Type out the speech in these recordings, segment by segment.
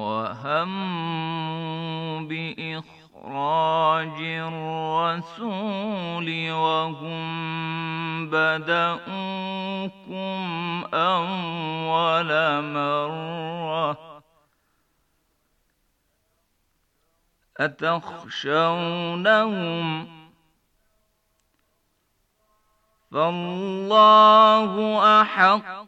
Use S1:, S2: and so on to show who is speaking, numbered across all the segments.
S1: وهم بإخراج الرسول وهم بدأوكم أول مرة أتخشونهم فالله أحق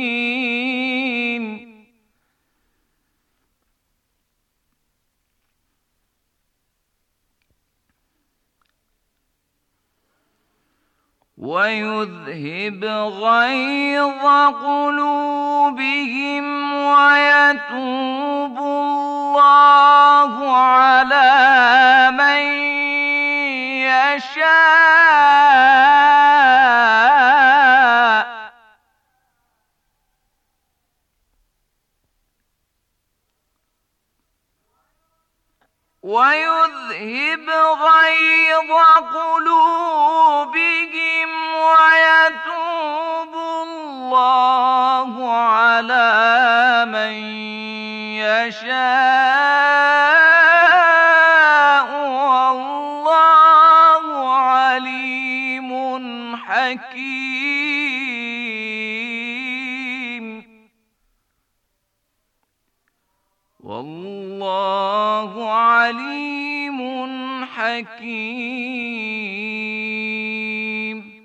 S1: ويذهب غيظ قلوبهم ويتوب الله على من يشاء ويذهب غيظ قلوبهم يشاء والله عليم حكيم والله عليم حكيم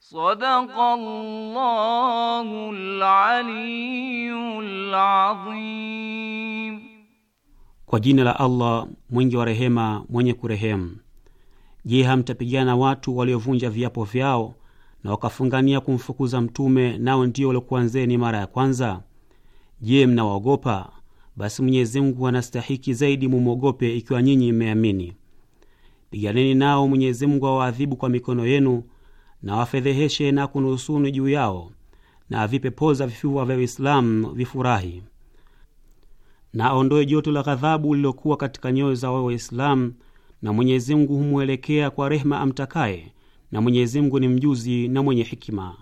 S1: صدق الله العلي العظيم
S2: Kwa jina la Allah mwingi wa rehema, mwenye kurehemu. Je, hamtapigana watu waliovunja viapo vyao na wakafungania kumfukuza Mtume, nao ndio waliokuanzeni mara ya kwanza? Je, mnawaogopa? Basi Mwenyezi Mungu anastahiki zaidi mumwogope, ikiwa nyinyi mmeamini. Piganeni nao, Mwenyezi Mungu awaadhibu kwa mikono yenu na wafedheheshe na akunusuruni juu yao na avipe poza vifua vya Uislamu vifurahi na aondoe joto la ghadhabu lililokuwa katika nyoyo za wao Waislamu, na Mwenyezi Mungu humwelekea kwa rehema amtakaye, na Mwenyezi Mungu ni mjuzi na mwenye hikima.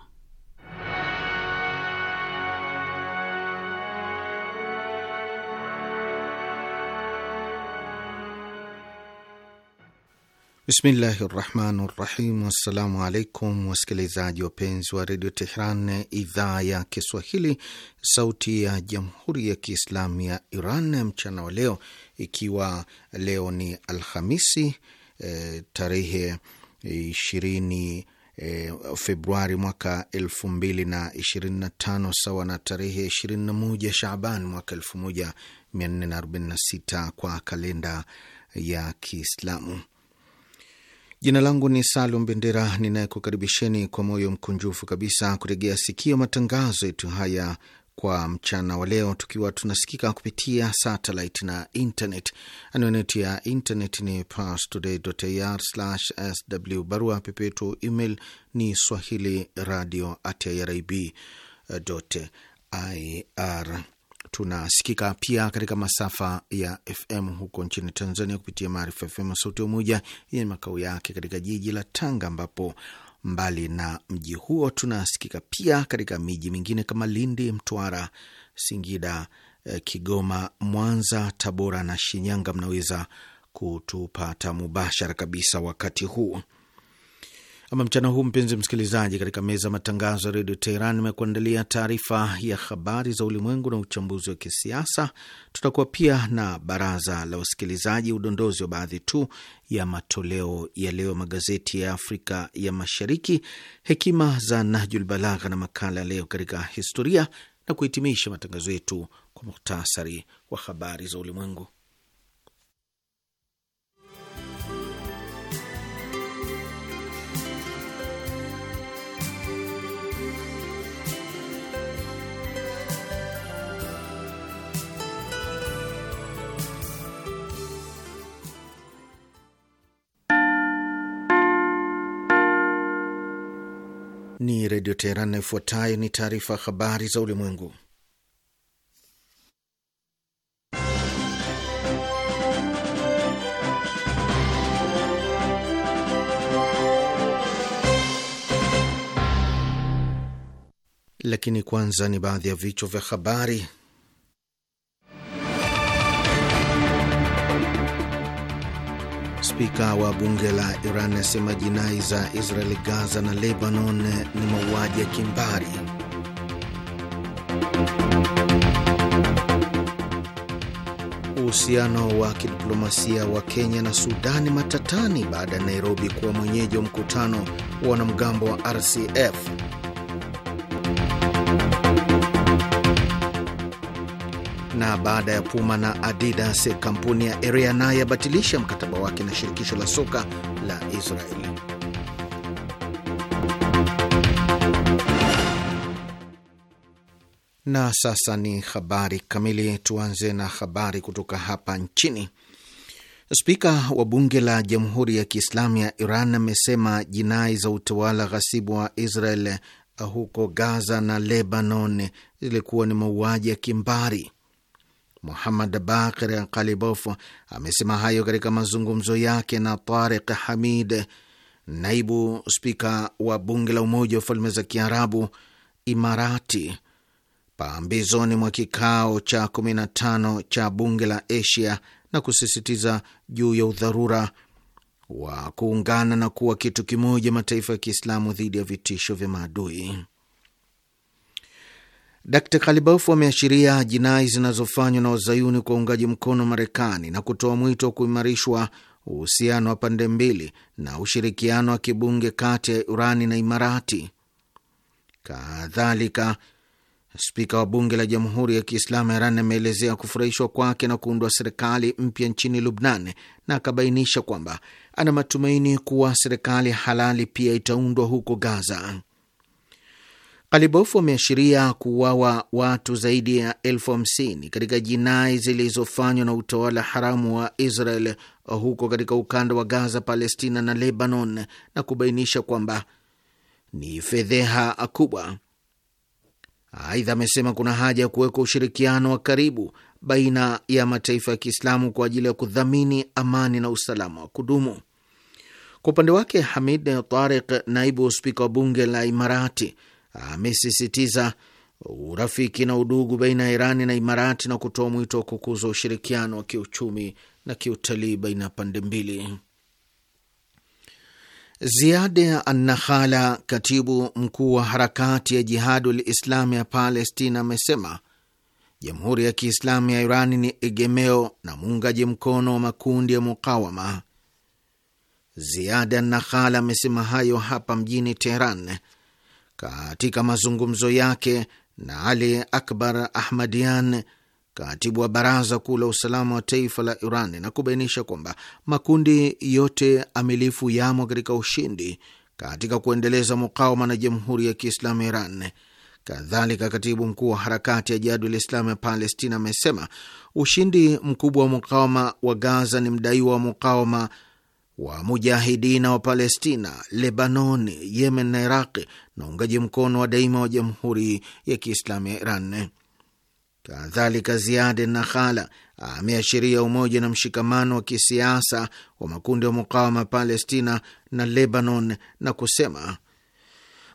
S3: Bismillahi rahmani rahim. Assalamu alaikum wasikilizaji wapenzi wa redio Tehran, idhaa ya Kiswahili, sauti ya jamhuri ya kiislamu ya Iran. Mchana wa leo, ikiwa leo ni Alhamisi eh, tarehe ishirini eh, Februari mwaka elfu mbili na ishirini na tano sawa na tarehe ishirini na moja Shaban mwaka elfu moja mia nne na arobaini na sita kwa kalenda ya Kiislamu. Jina langu ni Salum Bendera, ninayekukaribisheni kwa moyo mkunjufu kabisa kuregea sikio matangazo yetu haya kwa mchana wa leo, tukiwa tunasikika kupitia satellite na internet. Anwani ya internet ni parstoday.ir/sw, barua pepetu email ni swahili radio ir Tunasikika pia katika masafa ya FM huko nchini Tanzania kupitia Maarifa FM Sauti ya Umoja yenye makao yake katika jiji la Tanga, ambapo mbali na mji huo tunasikika pia katika miji mingine kama Lindi, Mtwara, Singida, eh, Kigoma, Mwanza, Tabora na Shinyanga. Mnaweza kutupata mubashara kabisa wakati huu ama mchana huu, mpenzi msikilizaji, katika meza ya matangazo ya redio Teheran imekuandalia taarifa ya habari za ulimwengu na uchambuzi wa kisiasa. Tutakuwa pia na baraza la wasikilizaji, udondozi wa baadhi tu ya matoleo ya leo magazeti ya Afrika ya Mashariki, hekima za Nahjul Balagha na makala ya leo katika historia, na kuhitimisha matangazo yetu kwa muhtasari wa habari za ulimwengu. ni Redio Teheran, na ifuatayo ni taarifa habari za ulimwengu. Lakini kwanza ni baadhi ya vichwa vya habari. Spika wa bunge la Iran asema jinai za Israel, Gaza na Lebanon ni mauaji ya kimbari. Uhusiano wa kidiplomasia wa Kenya na Sudani matatani baada ya Nairobi kuwa mwenyeji wa mkutano wa wanamgambo wa RCF. Na baada ya Puma na Adidas, kampuni ya area naye yabatilisha mkataba wake na shirikisho la soka la Israeli. Na sasa ni habari kamili. Tuanze na habari kutoka hapa nchini. Spika wa bunge la Jamhuri ya Kiislamu ya Iran amesema jinai za utawala ghasibu wa Israel huko Gaza na Lebanon zilikuwa ni mauaji ya kimbari. Muhammad Bakir Kalibof amesema hayo katika mazungumzo yake na tarik Hamid, naibu spika wa bunge la Umoja wa Falme za Kiarabu, Imarati, pambizoni mwa kikao cha 15 cha bunge la Asia na kusisitiza juu ya udharura wa kuungana na kuwa kitu kimoja mataifa ya Kiislamu dhidi ya vitisho vya maadui. Dkt Kalibofu ameashiria jinai zinazofanywa na wazayuni kwa uungaji mkono Marekani na kutoa mwito wa kuimarishwa uhusiano wa pande mbili na ushirikiano wa kibunge kati ya Irani na Imarati. Kadhalika, spika wa bunge la Jamhuri ya Kiislamu ya Iran ameelezea kufurahishwa kwake na kuundwa serikali mpya nchini Lubnan na akabainisha kwamba ana matumaini kuwa serikali halali pia itaundwa huko Gaza. Alibofu ameashiria kuuawa watu zaidi ya elfu hamsini katika jinai zilizofanywa na utawala haramu wa Israel huko katika ukanda wa Gaza, Palestina na Lebanon, na kubainisha kwamba ni fedheha kubwa. Aidha, amesema kuna haja ya kuweka ushirikiano wa karibu baina ya mataifa ya Kiislamu kwa ajili ya kudhamini amani na usalama wa kudumu. Kwa upande wake, Hamid tarik naibu spika wa bunge la Imarati, amesisitiza urafiki na udugu baina ya Irani na Imarati na kutoa mwito wa kukuza ushirikiano wa kiuchumi na kiutalii baina ya pande mbili. Ziade Annahala, katibu mkuu wa harakati ya Jihadu Islami ya Palestina, amesema jamhuri ya Kiislamu ya Irani ni egemeo na muungaji mkono wa makundi ya mukawama. Ziada Annahala amesema hayo hapa mjini Teheran katika mazungumzo yake na Ali Akbar Ahmadian, katibu wa baraza kuu la usalama wa taifa la Iran, na kubainisha kwamba makundi yote amilifu yamo katika ushindi katika kuendeleza mukawama na jamhuri ya Kiislamu ya Iran. Kadhalika, katibu mkuu wa harakati ya Jihadul Islamu ya Palestina amesema ushindi mkubwa wa mukawama wa Gaza ni mdaiwa wa mukawama wa mujahidina wa Palestina, Lebanon, Yemen na Iraqi na uungaji mkono wa daima wa Jamhuri ya Kiislamu ya Iran. Kadhalika, Ziade Nakhala ameashiria umoja na mshikamano wa kisiasa wa makundi ya mukawama Palestina na Lebanon na kusema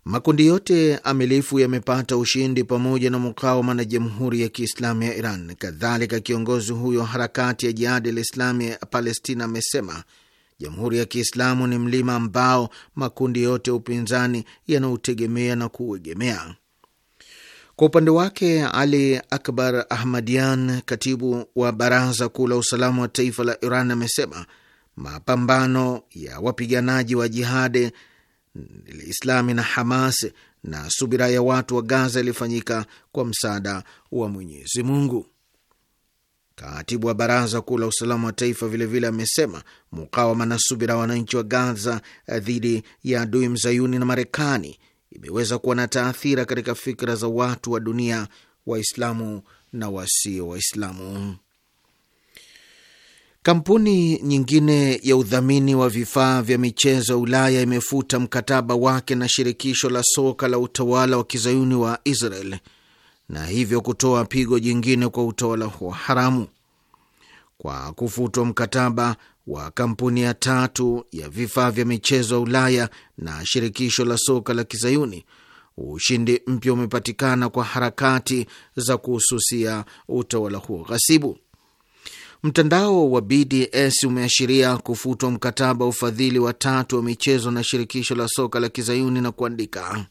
S3: makundi yote amilifu yamepata ushindi pamoja na mukawama na jamhuri ya Kiislamu ya Iran. Kadhalika, kiongozi huyo harakati ya Jihadi la Islami ya Palestina amesema Jamhuri ya Kiislamu ni mlima ambao makundi yote ya upinzani yanautegemea na kuegemea Kwa upande wake, Ali Akbar Ahmadian, katibu wa Baraza Kuu la Usalama wa Taifa la Iran, amesema mapambano ya wapiganaji wa Jihadi Islami na Hamas na subira ya watu wa Gaza ilifanyika kwa msaada wa Mwenyezi Mungu. Katibu wa Baraza Kuu la Usalama wa Taifa vilevile amesema vile mukawama na subira wananchi wa Gaza eh, dhidi ya adui mzayuni na Marekani imeweza kuwa na taathira katika fikra za watu wa dunia, Waislamu na wasio Waislamu. Kampuni nyingine ya udhamini wa vifaa vya michezo ya Ulaya imefuta mkataba wake na shirikisho la soka la utawala wa kizayuni wa Israel na hivyo kutoa pigo jingine kwa utawala huo haramu kwa kufutwa mkataba wa kampuni ya tatu ya vifaa vya michezo ya Ulaya na shirikisho la soka la Kizayuni. Ushindi mpya umepatikana kwa harakati za kuhususia utawala huo ghasibu. Mtandao wa BDS umeashiria kufutwa mkataba wa ufadhili wa tatu wa michezo na shirikisho la soka la Kizayuni na kuandika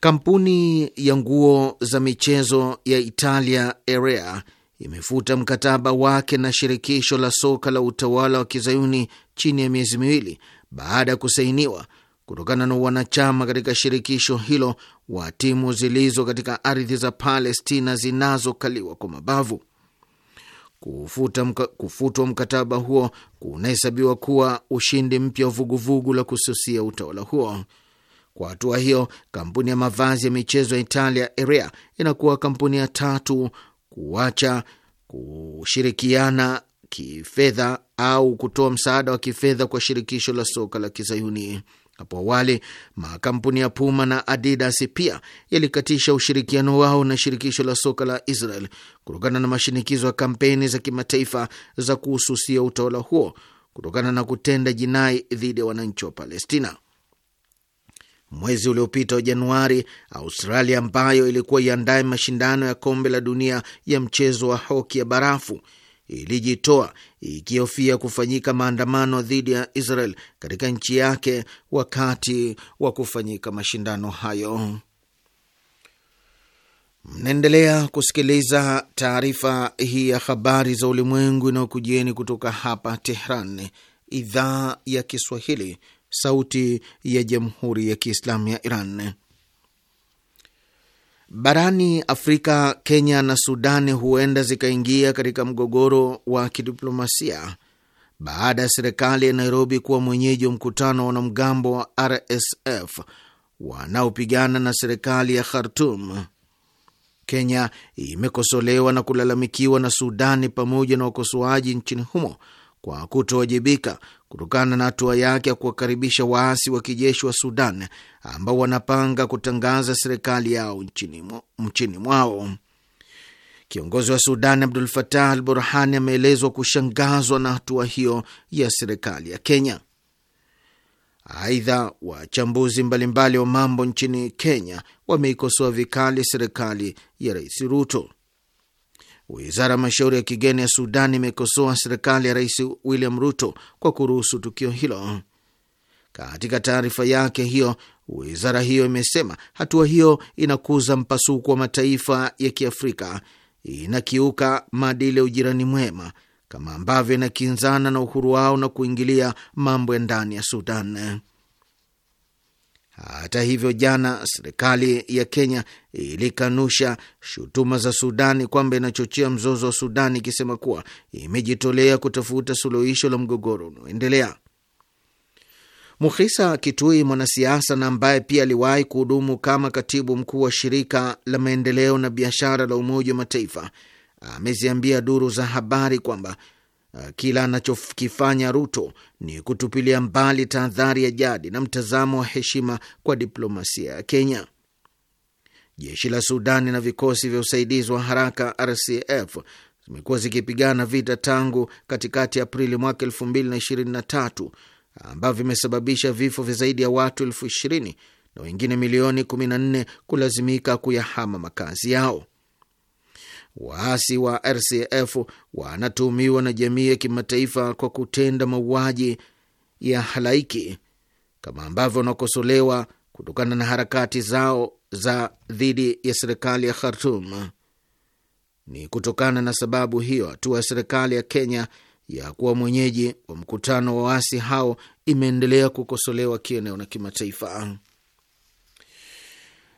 S3: Kampuni ya nguo za michezo ya Italia Area imefuta mkataba wake na shirikisho la soka la utawala wa kizayuni chini ya miezi miwili baada ya kusainiwa kutokana na wanachama katika shirikisho hilo wa timu zilizo katika ardhi za Palestina zinazokaliwa kwa mabavu. Kufuta mka, kufutwa mkataba huo kunahesabiwa kuwa ushindi mpya wa vuguvugu la kususia utawala huo. Kwa hatua hiyo, kampuni ya mavazi ya michezo ya Italia area inakuwa kampuni ya tatu kuacha kushirikiana kifedha au kutoa msaada wa kifedha kwa shirikisho la soka la Kizayuni. Hapo awali makampuni ya Puma na Adidas pia yalikatisha ushirikiano wao na shirikisho la soka la Israel kutokana na mashinikizo ya kampeni za kimataifa za kuhususia utawala huo kutokana na kutenda jinai dhidi ya wananchi wa Palestina. Mwezi uliopita wa Januari, Australia ambayo ilikuwa iandaye mashindano ya kombe la dunia ya mchezo wa hoki ya barafu ilijitoa ikihofia kufanyika maandamano dhidi ya Israel katika nchi yake wakati wa kufanyika mashindano hayo. Mnaendelea kusikiliza taarifa hii ya habari za ulimwengu inayokujieni kutoka hapa Tehran, idhaa ya Kiswahili, Sauti ya Jamhuri ya Kiislamu ya Iran. Barani Afrika, Kenya na Sudani huenda zikaingia katika mgogoro wa kidiplomasia baada ya serikali ya Nairobi kuwa mwenyeji wa mkutano wa wanamgambo wa RSF wanaopigana na serikali ya Khartum. Kenya imekosolewa na kulalamikiwa na Sudani pamoja na wakosoaji nchini humo kwa kutowajibika kutokana na hatua yake ya kuwakaribisha waasi wa kijeshi wa Sudan ambao wanapanga kutangaza serikali yao nchini, mwao. Kiongozi wa Sudan Abdul Fatah Al Burhani ameelezwa kushangazwa na hatua hiyo ya serikali ya Kenya. Aidha, wachambuzi mbalimbali wa mambo nchini Kenya wameikosoa vikali serikali ya Rais Ruto. Wizara ya mashauri ya kigeni ya Sudan imekosoa serikali ya Rais William Ruto kwa kuruhusu tukio hilo. Katika taarifa yake hiyo, wizara hiyo imesema hatua hiyo inakuza mpasuko wa mataifa ya Kiafrika, inakiuka maadili ya ujirani mwema kama ambavyo inakinzana na uhuru wao na kuingilia mambo ya ndani ya Sudan. Hata hivyo, jana serikali ya Kenya ilikanusha shutuma za Sudani kwamba inachochea mzozo wa Sudani, ikisema kuwa imejitolea kutafuta suluhisho la mgogoro unaoendelea. Mukhisa Kitui, mwanasiasa na ambaye pia aliwahi kuhudumu kama katibu mkuu wa shirika la maendeleo na biashara la Umoja wa Mataifa, ameziambia duru za habari kwamba Uh, kila anachokifanya Ruto ni kutupilia mbali tahadhari ya jadi na mtazamo wa heshima kwa diplomasia ya Kenya. Jeshi la Sudani na vikosi vya usaidizi wa haraka RCF zimekuwa zikipigana vita tangu katikati ya Aprili mwaka tatu ambavyo vimesababisha vifo vya zaidi ya watu elfu ishirini na wengine milioni 14 kulazimika kuyahama makazi yao. Waasi wa RCF wanatuhumiwa na jamii ya kimataifa kwa kutenda mauaji ya halaiki kama ambavyo wanakosolewa kutokana na harakati zao za dhidi ya serikali ya Khartum. Ni kutokana na sababu hiyo, hatua ya serikali ya Kenya ya kuwa mwenyeji wa mkutano wa waasi hao imeendelea kukosolewa kieneo na kimataifa.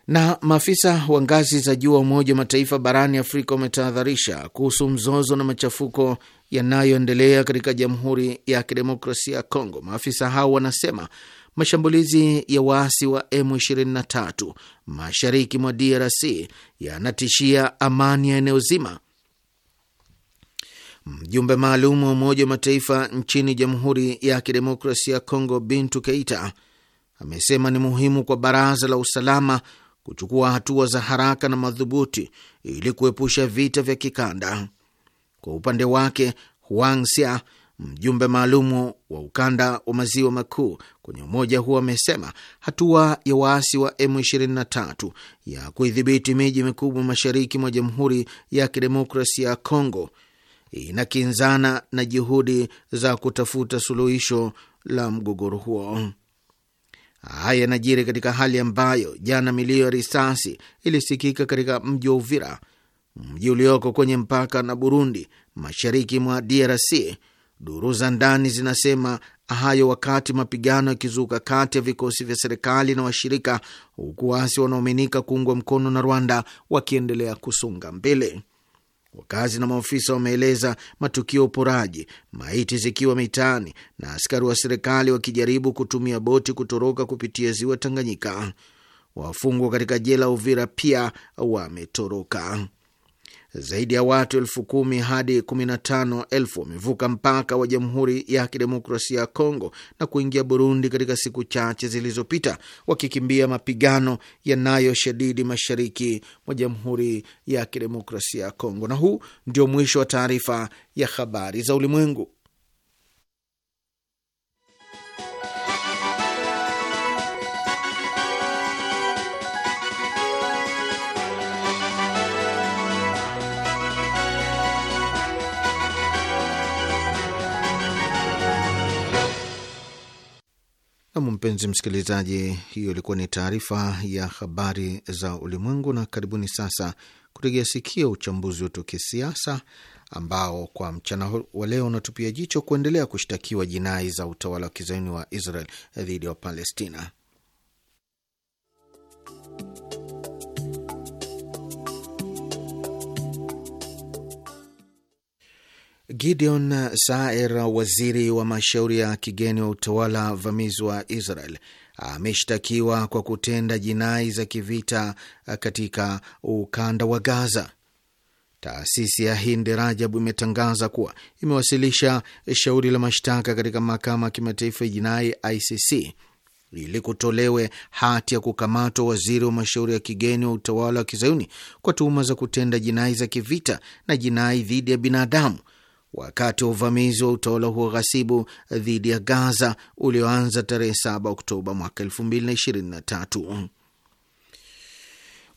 S3: Na maafisa wa ngazi za juu wa Umoja wa Mataifa barani Afrika wametahadharisha kuhusu mzozo na machafuko yanayoendelea katika Jamhuri ya Kidemokrasia ya Kongo. Maafisa hao wanasema mashambulizi ya waasi wa M23 mashariki mwa DRC yanatishia amani ya eneo zima. Mjumbe maalum wa Umoja wa Mataifa nchini Jamhuri ya Kidemokrasia ya Kongo, Bintu Keita, amesema ni muhimu kwa Baraza la Usalama kuchukua hatua za haraka na madhubuti ili kuepusha vita vya kikanda. Kwa upande wake, Huang Xia, mjumbe maalumu wa ukanda wa maziwa makuu kwenye umoja huo, amesema hatua ya waasi wa M23 ya kuidhibiti miji mikubwa mashariki mwa Jamhuri ya Kidemokrasia ya Kongo inakinzana na juhudi za kutafuta suluhisho la mgogoro huo. Haya yanajiri katika hali ambayo jana milio ya risasi ilisikika katika mji wa Uvira, mji ulioko kwenye mpaka na Burundi, mashariki mwa DRC. Duru za ndani zinasema hayo wakati mapigano yakizuka kati ya vikosi vya serikali na washirika, huku waasi wanaoaminika kuungwa mkono na Rwanda wakiendelea kusonga mbele. Wakazi na maafisa wameeleza matukio ya uporaji, maiti zikiwa mitaani na askari wa serikali wakijaribu kutumia boti kutoroka kupitia ziwa Tanganyika. Wafungwa katika jela Uvira pia wametoroka zaidi ya watu elfu kumi hadi kumi na tano elfu wamevuka mpaka wa Jamhuri ya Kidemokrasia ya Kongo na kuingia Burundi katika siku chache zilizopita, wakikimbia mapigano yanayoshadidi mashariki mwa Jamhuri ya Kidemokrasia ya Kongo. Na huu ndio mwisho wa taarifa ya habari za ulimwengu. Nam, mpenzi msikilizaji, hiyo ilikuwa ni taarifa ya habari za ulimwengu, na karibuni sasa kutegea sikio uchambuzi wetu wa kisiasa ambao kwa mchana wa leo unatupia jicho kuendelea kushtakiwa jinai za utawala wa kizayuni wa Israel dhidi ya Palestina. Gideon Saer, waziri wa mashauri ya kigeni wa utawala vamizi wa Israel, ameshtakiwa kwa kutenda jinai za kivita katika ukanda wa Gaza. Taasisi ya Hindi Rajab imetangaza kuwa imewasilisha shauri la mashtaka katika mahakama ya kimataifa ya jinai ICC ili kutolewe hati ya kukamatwa waziri wa mashauri ya kigeni wa utawala wa kizayuni kwa tuhuma za kutenda jinai za kivita na jinai dhidi ya binadamu wakati wa uvamizi wa utawala huo ghasibu dhidi ya Gaza ulioanza tarehe 7 Oktoba mwaka 2023.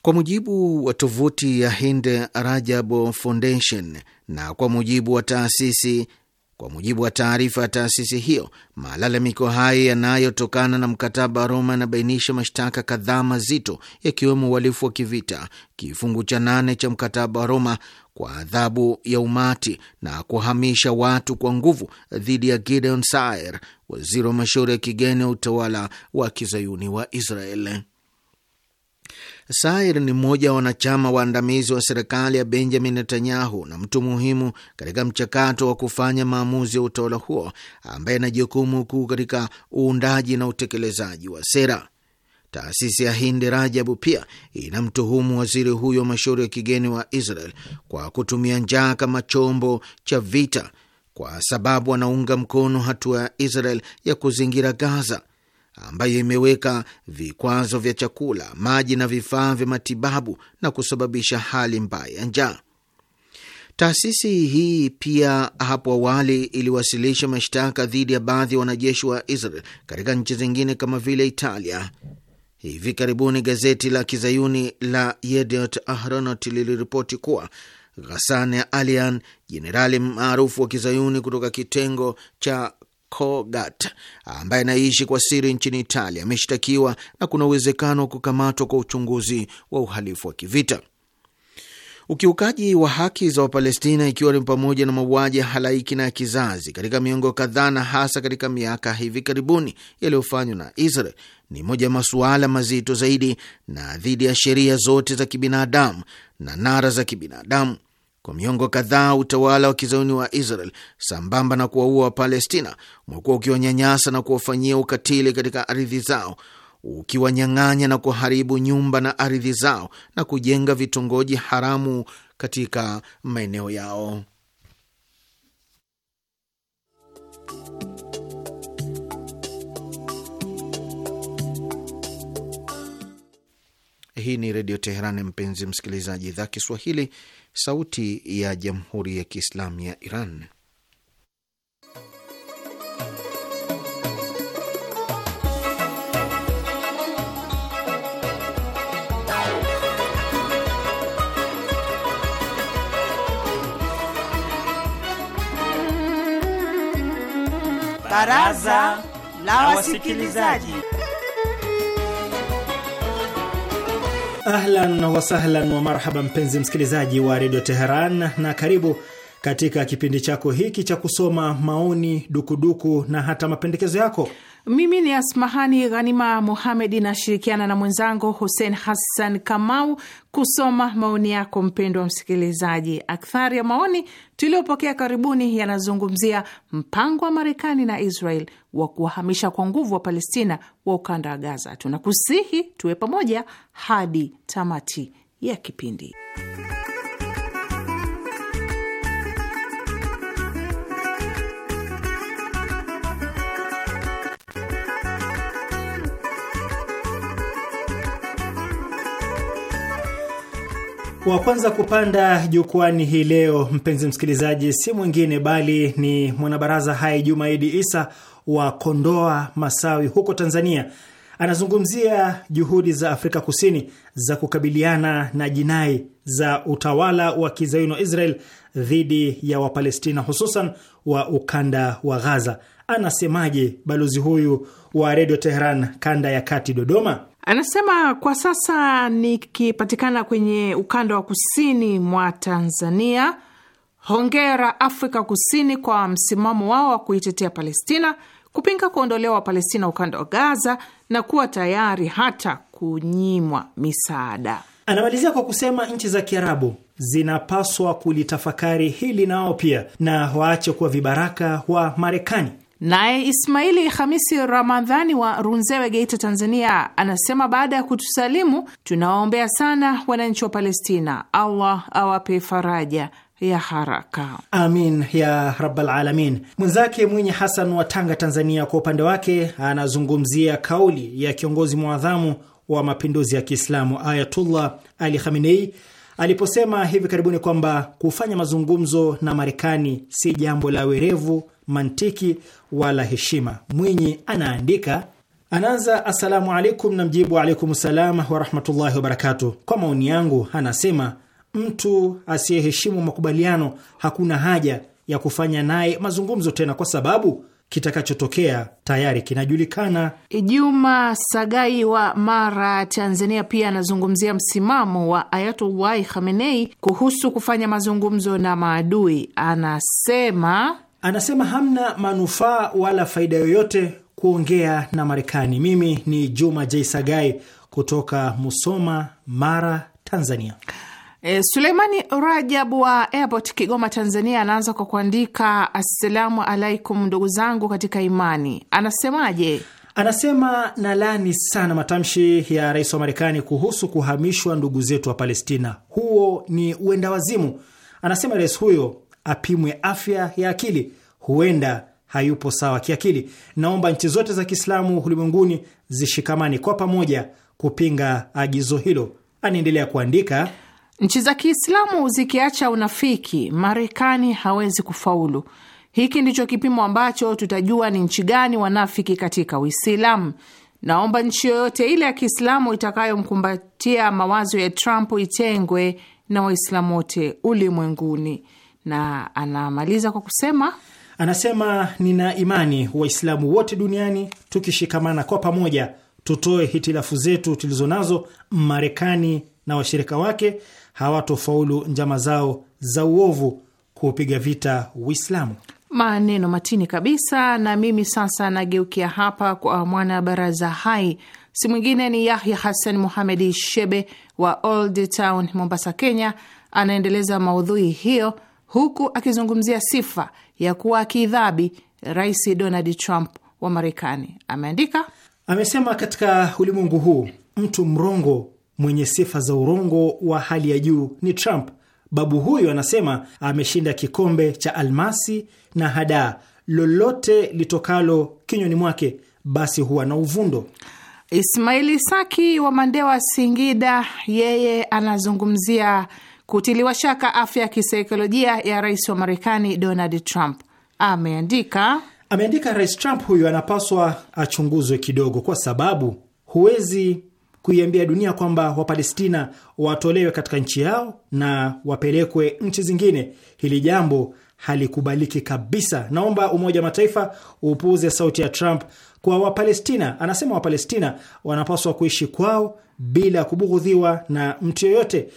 S3: Kwa mujibu wa tovuti ya Hind Rajab Foundation na kwa mujibu wa taasisi kwa mujibu wa taarifa ya taasisi hiyo, malalamiko hayo yanayotokana na mkataba wa Roma yanabainisha mashtaka kadhaa mazito, yakiwemo uhalifu wa kivita, kifungu cha nane cha mkataba wa Roma kwa adhabu ya umati na kuhamisha watu kwa nguvu dhidi ya Gideon Sair, waziri wa mashauri ya kigeni wa utawala wa kizayuni wa Israel. Sair ni mmoja wa wanachama waandamizi wa serikali ya Benjamin Netanyahu na mtu muhimu katika mchakato wa kufanya maamuzi ya utawala huo ambaye ana jukumu kuu katika uundaji na utekelezaji wa sera. Taasisi ya Hindi Rajabu pia inamtuhumu waziri huyo wa mashauri ya kigeni wa Israel kwa kutumia njaa kama chombo cha vita, kwa sababu anaunga mkono hatua ya Israel ya kuzingira Gaza ambayo imeweka vikwazo vya chakula, maji na vifaa vya matibabu na kusababisha hali mbaya ya njaa. Taasisi hii pia hapo awali iliwasilisha mashtaka dhidi ya baadhi ya wanajeshi wa Israel katika nchi zingine kama vile Italia. Hivi karibuni gazeti la kizayuni la Yediot Ahronot liliripoti kuwa Ghassan Alian, jenerali maarufu wa kizayuni kutoka kitengo cha Kogat ambaye anaishi kwa siri nchini Italia ameshtakiwa na kuna uwezekano wa kukamatwa kwa uchunguzi wa uhalifu wa kivita. Ukiukaji wa haki za Wapalestina ikiwa ni pamoja na mauaji ya halaiki na ya kizazi katika miongo kadhaa na hasa katika miaka hivi karibuni yaliyofanywa na Israel ni moja ya masuala mazito zaidi na dhidi ya sheria zote za kibinadamu na nara za kibinadamu kwa miongo kadhaa utawala wa kizayuni wa Israel sambamba na kuwaua Wapalestina umekuwa ukiwanyanyasa na kuwafanyia ukatili katika ardhi zao, ukiwanyang'anya na kuharibu nyumba na ardhi zao na kujenga vitongoji haramu katika maeneo yao. Hii ni Redio Teheran, mpenzi msikilizaji, idhaa Kiswahili Sauti ya Jamhuri ya Kiislamu ya Iran.
S2: Baraza la Wasikilizaji.
S4: Ahlan wasahlan wa marhaba, mpenzi msikilizaji wa redio Teheran, na karibu katika kipindi chako hiki cha kusoma maoni, dukuduku na hata mapendekezo yako.
S5: Mimi ni Asmahani Ghanima Muhamedi, nashirikiana na mwenzangu Hussein Hassan Kamau kusoma maoni yako mpendwa msikilizaji. Akthari ya maoni tuliyopokea karibuni yanazungumzia mpango wa Marekani na Israel wa kuwahamisha kwa nguvu wa Palestina wa ukanda wa Gaza. Tunakusihi tuwe pamoja hadi tamati ya kipindi.
S4: Wa kwanza kupanda jukwani hii leo, mpenzi msikilizaji, si mwingine bali ni mwanabaraza hai Jumaidi Isa wa Kondoa Masawi huko Tanzania. Anazungumzia juhudi za Afrika Kusini za kukabiliana na jinai za utawala wa kizayuni wa Israel dhidi ya Wapalestina, hususan wa ukanda wa Ghaza. Anasemaje balozi huyu wa Redio Teheran kanda ya kati Dodoma?
S5: Anasema kwa sasa nikipatikana kwenye ukanda wa kusini mwa Tanzania. Hongera Afrika Kusini kwa msimamo wao wa kuitetea Palestina, kupinga kuondolewa palestina ukanda wa Gaza na kuwa tayari hata kunyimwa misaada.
S4: Anamalizia kwa kusema nchi za Kiarabu zinapaswa kulitafakari hili nao pia na waache kuwa vibaraka wa Marekani.
S5: Naye Ismaili Hamisi Ramadhani wa Runzewe, Geita, Tanzania, anasema baada ya kutusalimu, tunawaombea sana wananchi wa Palestina, Allah awape faraja ya haraka
S4: amin ya rabbal alamin. Mwenzake Mwinyi Hasan wa Tanga, Tanzania, kwa upande wake anazungumzia kauli ya kiongozi mwadhamu wa mapinduzi ya Kiislamu Ayatullah Ali Khamenei aliposema hivi karibuni kwamba kufanya mazungumzo na Marekani si jambo la werevu, mantiki wala heshima. Mwinyi anaandika anaanza assalamu alaikum na mjibu alaikum salam warahmatullahi wabarakatu Kwa maoni yangu, anasema mtu asiyeheshimu makubaliano hakuna haja ya kufanya naye mazungumzo tena, kwa sababu kitakachotokea tayari kinajulikana.
S5: Juma Sagai wa Mara, Tanzania, pia anazungumzia msimamo wa Ayatullahi Khamenei kuhusu kufanya mazungumzo na maadui. Anasema
S4: anasema hamna manufaa wala faida yoyote kuongea na Marekani. Mimi ni Juma J Sagai kutoka Musoma, Mara, Tanzania.
S5: E, Suleimani Rajabu wa Airport Kigoma, Tanzania anaanza kwa kuandika assalamu alaikum, ndugu zangu katika imani. Anasemaje? Anasema
S4: nalani sana matamshi ya rais wa Marekani kuhusu kuhamishwa ndugu zetu wa Palestina. Huo ni uenda wazimu Anasema rais huyo apimwe afya ya akili, huenda hayupo sawa kiakili. Naomba nchi zote za Kiislamu ulimwenguni zishikamani kwa pamoja kupinga agizo hilo. Anaendelea kuandika
S5: Nchi za Kiislamu zikiacha unafiki, Marekani hawezi kufaulu. Hiki ndicho kipimo ambacho tutajua ni nchi gani wanafiki katika Uislamu. Naomba nchi yoyote ile ya Kiislamu itakayomkumbatia mawazo ya Trump itengwe na Waislamu wote ulimwenguni. Na anamaliza kwa kusema
S4: anasema, nina imani Waislamu wote duniani tukishikamana kwa pamoja, tutoe hitilafu zetu tulizo nazo Marekani na washirika wake hawatofaulu njama zao za uovu kuupiga vita Uislamu.
S5: Maneno matini kabisa. Na mimi sasa nageukia hapa kwa mwana baraza hai, si mwingine ni Yahya Hassan Muhamedi Shebe wa Old Town, Mombasa, Kenya. Anaendeleza maudhui hiyo huku akizungumzia sifa ya kuwa kidhabi Rais Donald Trump wa Marekani. Ameandika, amesema
S4: katika ulimwengu huu mtu mrongo mwenye sifa za urongo wa hali ya juu ni Trump. Babu huyu anasema ameshinda kikombe cha almasi na hadaa, lolote litokalo kinywani mwake basi huwa na uvundo.
S5: Ismaili Saki wa Mandewa, Singida, yeye anazungumzia kutiliwa shaka afya ya kisaikolojia ya rais wa Marekani Donald Trump. Ameandika
S4: ameandika, Rais Trump huyu anapaswa achunguzwe kidogo, kwa sababu huwezi kuiambia dunia kwamba Wapalestina watolewe katika nchi yao na wapelekwe nchi zingine. Hili jambo halikubaliki kabisa. Naomba Umoja wa Mataifa upuuze sauti ya Trump kwa Wapalestina. Anasema Wapalestina wanapaswa kuishi kwao bila kubughudhiwa na mtu yoyote.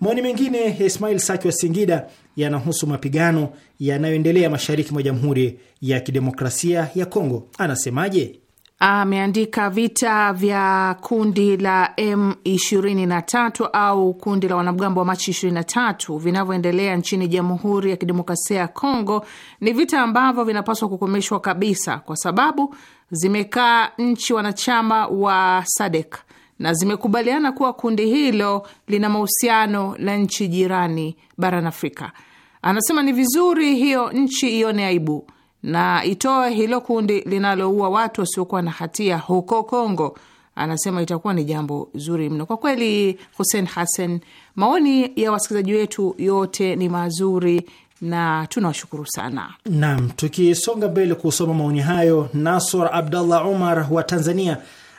S4: Maoni mengine ya Ismail Saki wa Singida yanahusu mapigano yanayoendelea mashariki mwa Jamhuri ya Kidemokrasia ya Kongo. Anasemaje?
S5: ameandika vita vya kundi la M23 au kundi la wanamgambo wa Machi 23 vinavyoendelea nchini Jamhuri ya Kidemokrasia ya Kongo ni vita ambavyo vinapaswa kukomeshwa kabisa, kwa sababu zimekaa nchi wanachama wa SADC na zimekubaliana kuwa kundi hilo lina mahusiano na nchi jirani barani Afrika. Anasema ni vizuri hiyo nchi ione aibu na itoe hilo kundi linaloua watu wasiokuwa na hatia huko Kongo. Anasema itakuwa ni jambo zuri mno kwa kweli. Hussein Hassan, maoni ya wasikilizaji wetu yote ni mazuri na tunawashukuru sana.
S4: Naam, tukisonga mbele kusoma maoni hayo, Nasor Abdallah Omar wa Tanzania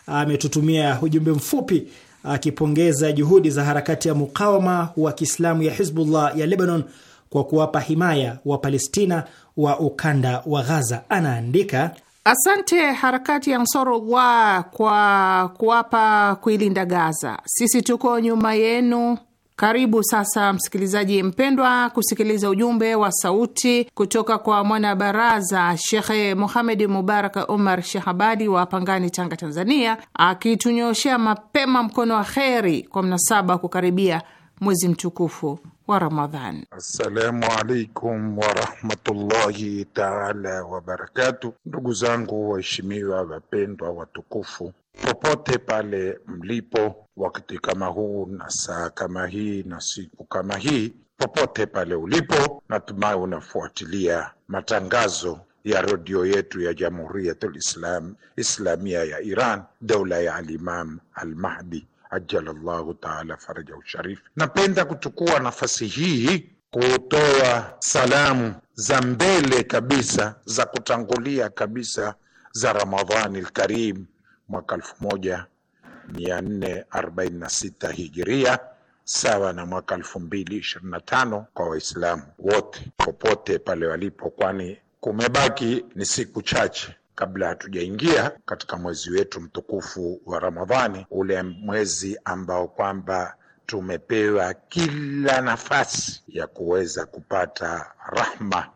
S4: ametutumia ujumbe mfupi akipongeza juhudi za harakati ya mukawama wa Kiislamu ya Hizbullah ya Lebanon kwa kuwapa himaya wa Palestina wa ukanda wa Ghaza. Anaandika,
S5: asante harakati ya Ansarullah kwa kuwapa kuilinda Gaza. Sisi tuko nyuma yenu. Karibu sasa msikilizaji mpendwa, kusikiliza ujumbe wa sauti kutoka kwa mwanabaraza Shekhe Muhamedi Mubarak Omar Shahabadi wa Pangani, Tanga, Tanzania, akitunyoshea mapema mkono wa kheri kwa mnasaba wa kukaribia mwezi mtukufu wa
S6: Ramadhan. Assalamu alaikum warahmatullahi taala wabarakatu. Ndugu zangu waheshimiwa, wapendwa, watukufu, popote pale mlipo, wakati kama huu na saa kama hii na siku kama hii, popote pale ulipo, natumai unafuatilia matangazo ya redio yetu ya Jamhuriyatul Islam Islamia ya Iran, daula ya Alimam Almahdi ajalallahu taala farajahu sharif. Napenda kuchukua nafasi hii kutoa salamu za mbele kabisa za kutangulia kabisa za Ramadhani lkarim mwaka elfu moja mia sita hijiria sawa na mwaka elfu mbili na tano kwa Waislamu wote popote pale walipo, kwani kumebaki ni siku chache kabla hatujaingia katika mwezi wetu mtukufu wa Ramadhani, ule mwezi ambao kwamba tumepewa kila nafasi ya kuweza kupata rahma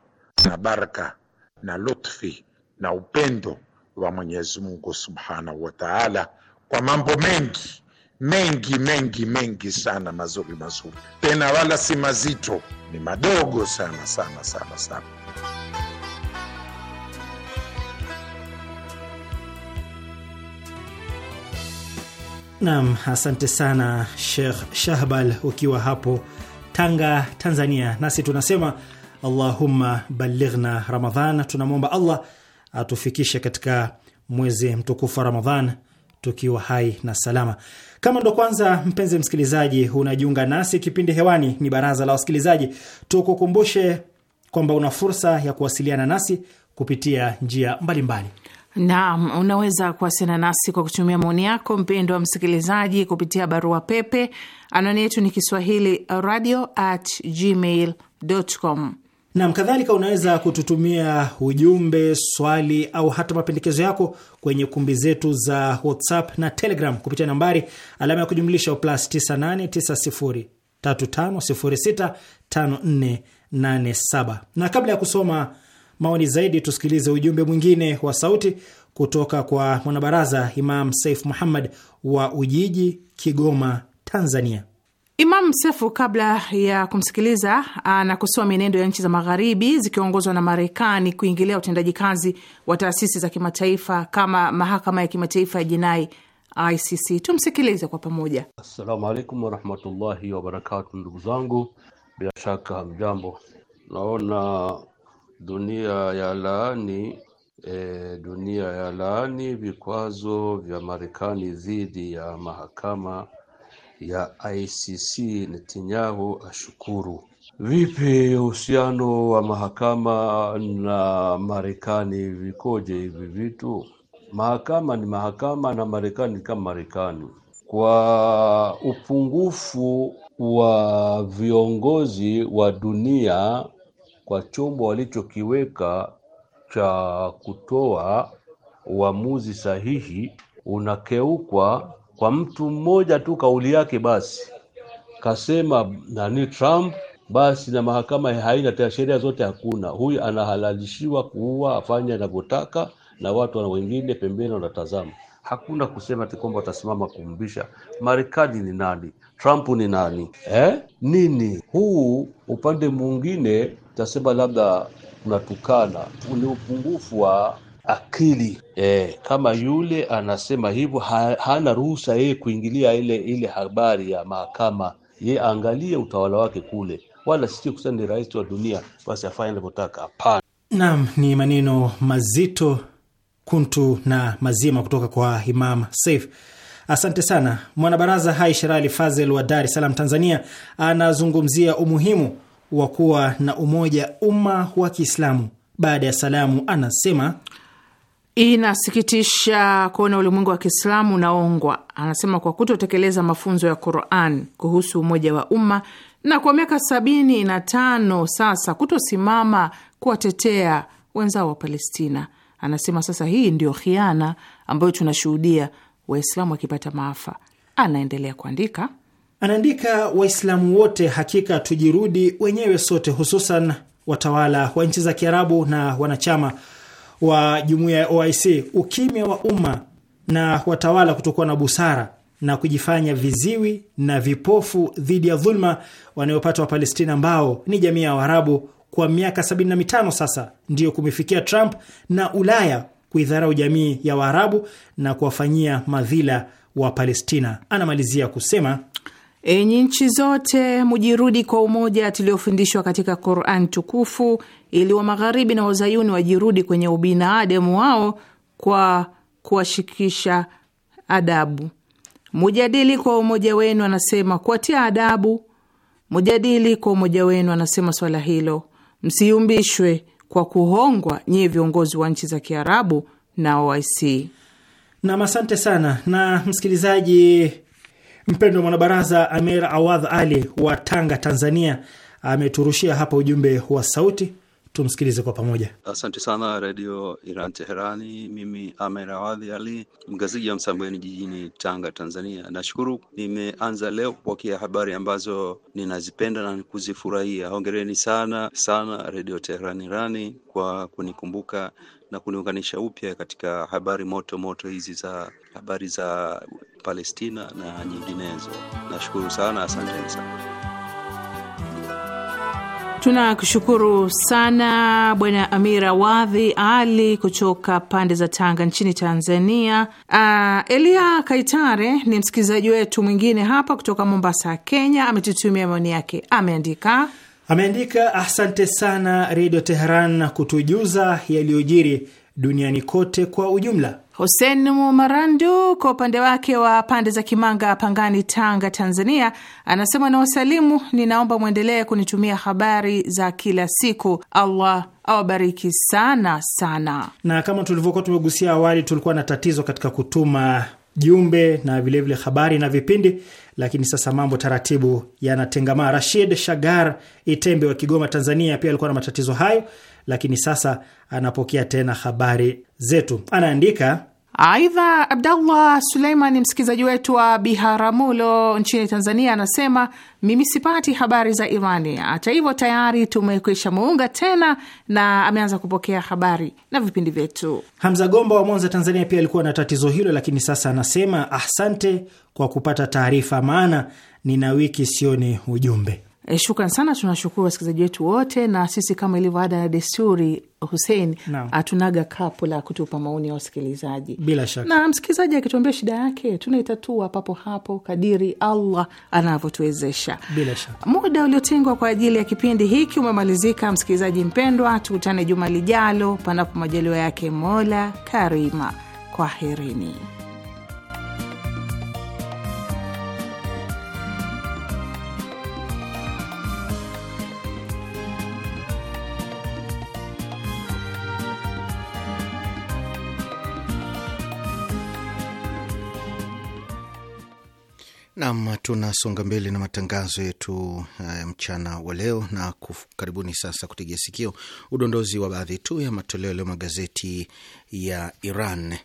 S6: na baraka na lutfi na upendo wa Mwenyezi Mungu Subhanahu wa Ta'ala kwa mambo mengi mengi mengi mengi sana mazuri mazuri, tena wala si mazito, ni madogo sana sana sana sana.
S4: Naam, asante sana Sheikh Shahbal, ukiwa hapo Tanga, Tanzania. Nasi tunasema Allahumma balighna Ramadhan, tunamwomba Allah atufikishe katika mwezi mtukufu wa Ramadhan tukiwa hai na salama. Kama ndo kwanza mpenzi msikilizaji unajiunga nasi, kipindi hewani ni baraza la wasikilizaji. Tukukumbushe kwamba una fursa ya kuwasiliana nasi kupitia njia mbalimbali mbali.
S5: Naam, unaweza kuwasiliana nasi kwa kutumia maoni yako, mpendo wa msikilizaji, kupitia barua pepe. Anwani yetu ni kiswahili radio at gmail com.
S4: Naam, kadhalika unaweza kututumia ujumbe, swali au hata mapendekezo yako kwenye kumbi zetu za WhatsApp na Telegram kupitia nambari alama ya kujumlisha plus 989035065487 na kabla ya kusoma maoni zaidi, tusikilize ujumbe mwingine wa sauti kutoka kwa mwanabaraza Imam Saif Muhammad wa Ujiji, Kigoma, Tanzania.
S5: Imam Sefu, kabla ya kumsikiliza, anakosoa mienendo ya nchi za magharibi zikiongozwa na Marekani kuingilia utendaji kazi wa taasisi za kimataifa kama mahakama ya kimataifa ya jinai ICC. Tumsikilize kwa pamoja.
S7: Assalamu alaikum warahmatullahi wabarakatu, ndugu zangu, bila shaka mjambo Naona dunia ya laani e, dunia ya laani vikwazo vya Marekani dhidi ya mahakama ya ICC. Netanyahu ashukuru. Vipi uhusiano wa mahakama na Marekani vikoje? Hivi vitu mahakama ni mahakama na Marekani kama Marekani. Kwa upungufu wa viongozi wa dunia kwa chombo walichokiweka cha kutoa uamuzi sahihi unakeukwa kwa mtu mmoja tu, kauli yake basi kasema nani Trump, basi na mahakama haina tena, sheria zote hakuna. Huyu anahalalishiwa kuua, afanye anavyotaka, na watu na wengine pembeni wanatazama. Hakuna kusema ati kwamba watasimama kumbisha. Marekani ni nani? Trump ni nani eh? Nini huu upande mwingine tasema labda unatukana, ule upungufu wa akili e, kama yule anasema hivyo ha, hana ruhusa yeye kuingilia ile ile habari ya mahakama. Ye angalie utawala wake kule, wala sisi kusema ni rais wa dunia basi afanye anavyotaka. Hapana.
S4: Naam, ni maneno mazito kuntu na mazima kutoka kwa Imam Saif. Asante sana mwanabaraza hai Sherali Fazel wa Dar es Salaam, Tanzania, anazungumzia umuhimu wa kuwa na umoja umma wa Kiislamu. Baada ya
S5: salamu, anasema inasikitisha kuona ulimwengu wa Kiislamu unaongwa, anasema kwa kutotekeleza mafunzo ya Quran kuhusu umoja wa umma na kwa miaka sabini na tano sasa kutosimama kuwatetea wenzao wa Palestina. Anasema sasa hii ndio khiana ambayo tunashuhudia Waislamu wakipata maafa. Anaendelea kuandika
S4: Anaandika, Waislamu wote hakika tujirudi wenyewe sote, hususan watawala wa nchi za Kiarabu na wanachama wa jumuiya ya OIC. Ukimya wa umma na watawala kutokuwa na busara na kujifanya viziwi na vipofu dhidi ya dhulma wanayopata Wapalestina ambao ni jamii ya Waarabu kwa miaka 75 sasa, ndiyo kumefikia Trump na Ulaya kuidharau jamii ya Waarabu na kuwafanyia madhila wa Palestina. Anamalizia kusema
S5: Enyi nchi zote, mujirudi kwa umoja tuliofundishwa katika Qur'an tukufu, ili wa magharibi na wazayuni wajirudi kwenye ubinadamu wao kwa kuwashikisha adabu. Mujadili kwa umoja wenu, anasema kuwatia adabu. Mujadili kwa umoja wenu, anasema swala hilo msiumbishwe kwa kuhongwa, nyiye viongozi wa nchi za Kiarabu na OIC. Nam, asante sana
S4: na msikilizaji Mpendo wa mwanabaraza Amir Awadh Ali wa Tanga, Tanzania, ameturushia hapa ujumbe wa sauti Tumsikilize kwa pamoja.
S7: Asante sana Redio Iran Teherani. Mimi Amer Awadhi Ali, mgaziji wa Msambweni jijini Tanga, Tanzania. Nashukuru nimeanza leo kupokea habari ambazo ninazipenda na kuzifurahia. Hongereni sana sana Redio Teherani Irani kwa kunikumbuka na kuniunganisha upya katika habari moto moto hizi za habari za Palestina na nyinginezo. Nashukuru sana, asanteni sana.
S5: Tunakushukuru sana Bwana Amir Awadhi Ali kutoka pande za Tanga nchini Tanzania. Uh, Elia Kaitare ni msikilizaji wetu mwingine hapa kutoka Mombasa, Kenya. Ametutumia maoni yake, ameandika
S4: ameandika: asante sana Redio Teheran kutujuza yaliyojiri duniani kote kwa ujumla.
S5: Hussein Mumarandu kwa upande wake wa pande za Kimanga, Pangani, Tanga, Tanzania, anasema na ninaomba mwendelee kunitumia habari za kila siku. Allah awabariki sana sana.
S4: Na kama tulivyokuwa tumegusia awali, tulikuwa na tatizo katika kutuma jumbe na vilevile vile habari na vipindi, lakini sasa mambo taratibu yanatengamaa. Rashid Shagar Itembe wa Kigoma, Tanzania, pia alikuwa na matatizo hayo lakini sasa anapokea tena habari zetu. Anaandika
S5: aidha. Abdallah Suleiman, msikilizaji wetu wa Biharamulo nchini Tanzania, anasema mimi sipati habari za Irani. Hata hivyo, tayari tumekwisha muunga tena na ameanza kupokea habari na vipindi vyetu.
S4: Hamza Gomba wa Mwanza, Tanzania, pia alikuwa na tatizo hilo, lakini sasa anasema asante kwa kupata taarifa, maana nina wiki sioni ujumbe.
S5: E, shukran sana, tunashukuru wasikilizaji wetu wote, na sisi kama ilivyo ada na desturi, Hussein hatunaga kapu la kutupa maoni ya wasikilizaji. Bila shaka, na msikilizaji akituambia shida yake tunaitatua papo hapo kadiri Allah anavyotuwezesha. Bila shaka, muda uliotengwa kwa ajili ya kipindi hiki umemalizika. Msikilizaji mpendwa, tukutane juma lijalo, panapo majaliwa yake Mola Karima. Kwaherini.
S3: Tunasonga mbele na matangazo yetu ya eh, mchana wa leo, na karibuni sasa kutegea sikio udondozi wa baadhi tu ya matoleo leo magazeti ya Iran.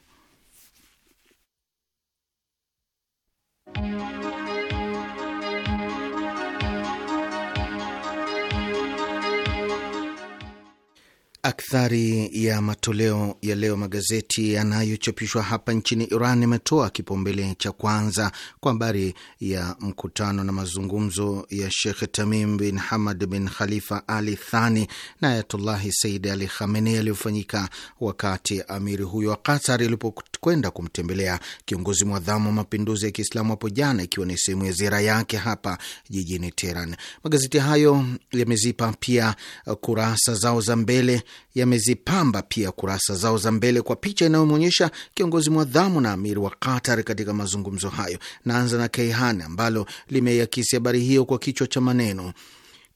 S3: Akthari ya matoleo ya leo magazeti yanayochapishwa hapa nchini Iran imetoa kipaumbele cha kwanza kwa habari ya mkutano na mazungumzo ya Shekh Tamim bin Hamad bin Khalifa Ali Thani na Ayatullahi Said Ali Khamenei yaliyofanyika wakati amiri huyo wa Qatar ilipokwenda kumtembelea kiongozi mwadhamu wa mapinduzi ya Kiislamu hapo jana, ikiwa ni sehemu ya ziara yake hapa jijini Teheran. Magazeti hayo yamezipa pia kurasa zao za mbele yamezipamba pia kurasa zao za mbele kwa picha inayomwonyesha kiongozi mwadhamu na amiri wa Qatar katika mazungumzo hayo. Naanza na Keihani ambalo limeiakisi habari hiyo kwa kichwa cha maneno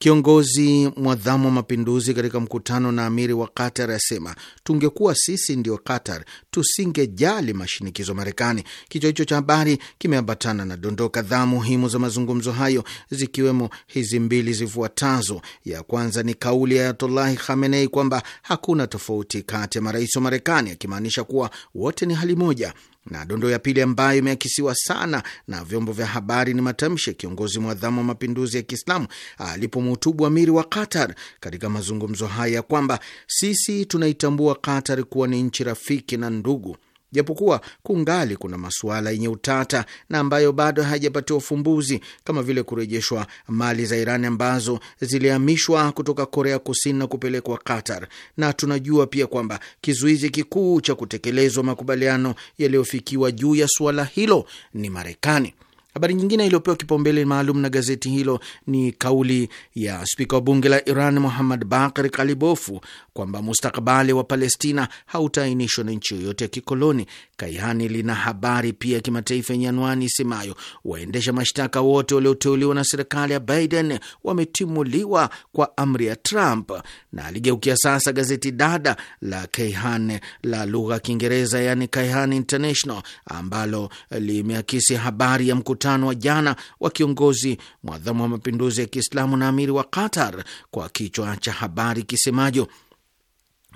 S3: Kiongozi mwadhamu wa mapinduzi katika mkutano na amiri wa Qatar asema tungekuwa sisi ndio Qatar tusingejali mashinikizo Marekani. Kichwa hicho cha habari kimeambatana na dondoo kadhaa muhimu za mazungumzo hayo zikiwemo hizi mbili zifuatazo. Ya kwanza ni kauli ya Ayatollahi Khamenei kwamba hakuna tofauti kati ya marais wa Marekani, akimaanisha kuwa wote ni hali moja na dondo ya pili ambayo imeakisiwa sana na vyombo vya habari ni matamshi ya kiongozi mwadhamu wa mapinduzi ya Kiislamu alipomhutubu amiri wa Qatar katika mazungumzo haya ya kwamba sisi tunaitambua Qatar kuwa ni nchi rafiki na ndugu japokuwa kungali kuna masuala yenye utata na ambayo bado hayajapatiwa ufumbuzi kama vile kurejeshwa mali za Irani ambazo zilihamishwa kutoka Korea Kusini na kupelekwa Qatar. Na tunajua pia kwamba kizuizi kikuu cha kutekelezwa makubaliano yaliyofikiwa juu ya suala hilo ni Marekani. Habari nyingine iliyopewa kipaumbele maalum na gazeti hilo ni kauli ya spika wa bunge la Iran Muhammad Bakr Kalibofu kwamba mustakabali wa Palestina hautaainishwa na nchi yoyote ya kikoloni. Kaihani lina habari pia ya kimataifa yenye anwani isemayo waendesha mashtaka wote walioteuliwa na serikali ya Biden wametimuliwa kwa amri ya Trump. Na aligeukia sasa gazeti dada la Kaihan la lugha ya Kiingereza, yani Kaihan International, ambalo limeakisi habari ya mkutano mkutano wa jana wa kiongozi mwadhamu wa mapinduzi ya Kiislamu na amiri wa Qatar kwa kichwa cha habari kisemajo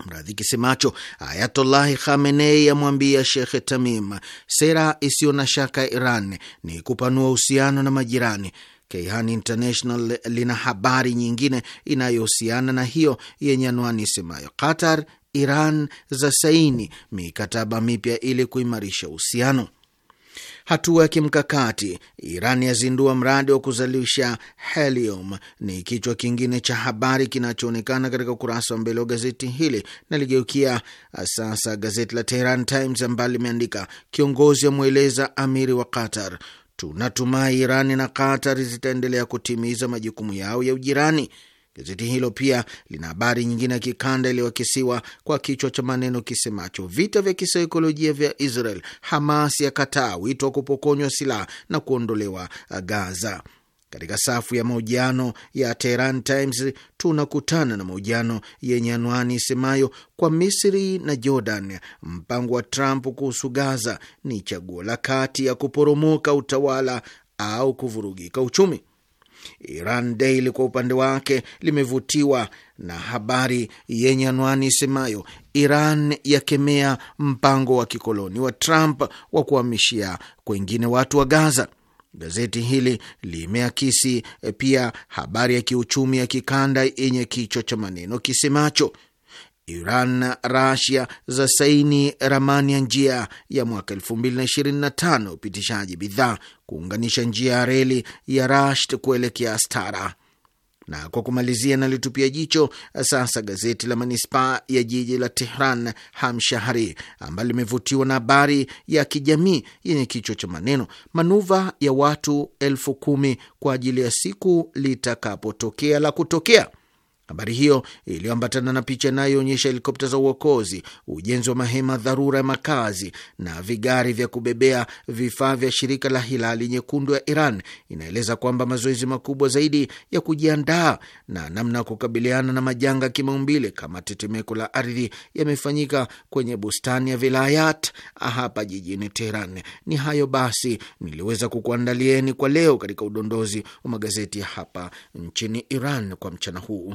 S3: mradhi kisemacho Ayatollahi Khamenei amwambia Shekhe Tamim, sera isiyo na shaka ya Iran ni kupanua uhusiano na majirani. Kayhan International lina habari nyingine inayohusiana na hiyo yenye anwani isemayo Qatar Iran za saini mikataba mipya ili kuimarisha uhusiano. Hatua ya kimkakati, Iran yazindua mradi wa kuzalisha helium, ni kichwa kingine cha habari kinachoonekana katika ukurasa wa mbele wa gazeti hili, na ligeukia sasa gazeti la Tehran Times ambalo limeandika kiongozi amweleza amiri wa Qatar, tunatumai Irani na Qatar zitaendelea kutimiza majukumu yao ya ujirani Gazeti hilo pia lina habari nyingine ya kikanda iliyoakisiwa kwa kichwa cha maneno kisemacho vita vya kisaikolojia vya Israel, Hamas ya kataa wito wa kupokonywa silaha na kuondolewa Gaza. Katika safu ya mahojiano ya Tehran Times tunakutana na mahojiano yenye anwani isemayo kwa Misri na Jordan, mpango wa Trump kuhusu Gaza ni chaguo la kati ya kuporomoka utawala au kuvurugika uchumi. Iran Daily kwa upande wake limevutiwa na habari yenye anwani isemayo Iran yakemea mpango wa kikoloni wa Trump wa kuhamishia kwengine watu wa Gaza. Gazeti hili limeakisi eh, pia habari ya kiuchumi ya kikanda yenye kichwa cha maneno kisemacho Iran na Rasia za saini ramani ya njia ya mwaka 2025 upitishaji bidhaa kuunganisha njia ya reli ya Rasht kuelekea Astara. Na kwa kumalizia, nalitupia jicho sasa gazeti la manispaa ya jiji la Tehran, Hamshahari, ambalo limevutiwa na habari ya kijamii yenye kichwa cha maneno manuva ya watu elfu kumi kwa ajili ya siku litakapotokea la kutokea Habari hiyo iliyoambatana na picha inayoonyesha helikopta za uokozi, ujenzi wa mahema dharura ya makazi na vigari vya kubebea vifaa vya shirika la Hilali Nyekundu ya Iran inaeleza kwamba mazoezi makubwa zaidi ya kujiandaa na namna ya kukabiliana na majanga ya kimaumbile kama tetemeko la ardhi yamefanyika kwenye bustani ya Vilayat hapa jijini Teheran. Ni hayo basi niliweza kukuandalieni kwa leo katika udondozi wa magazeti hapa nchini Iran kwa mchana huu.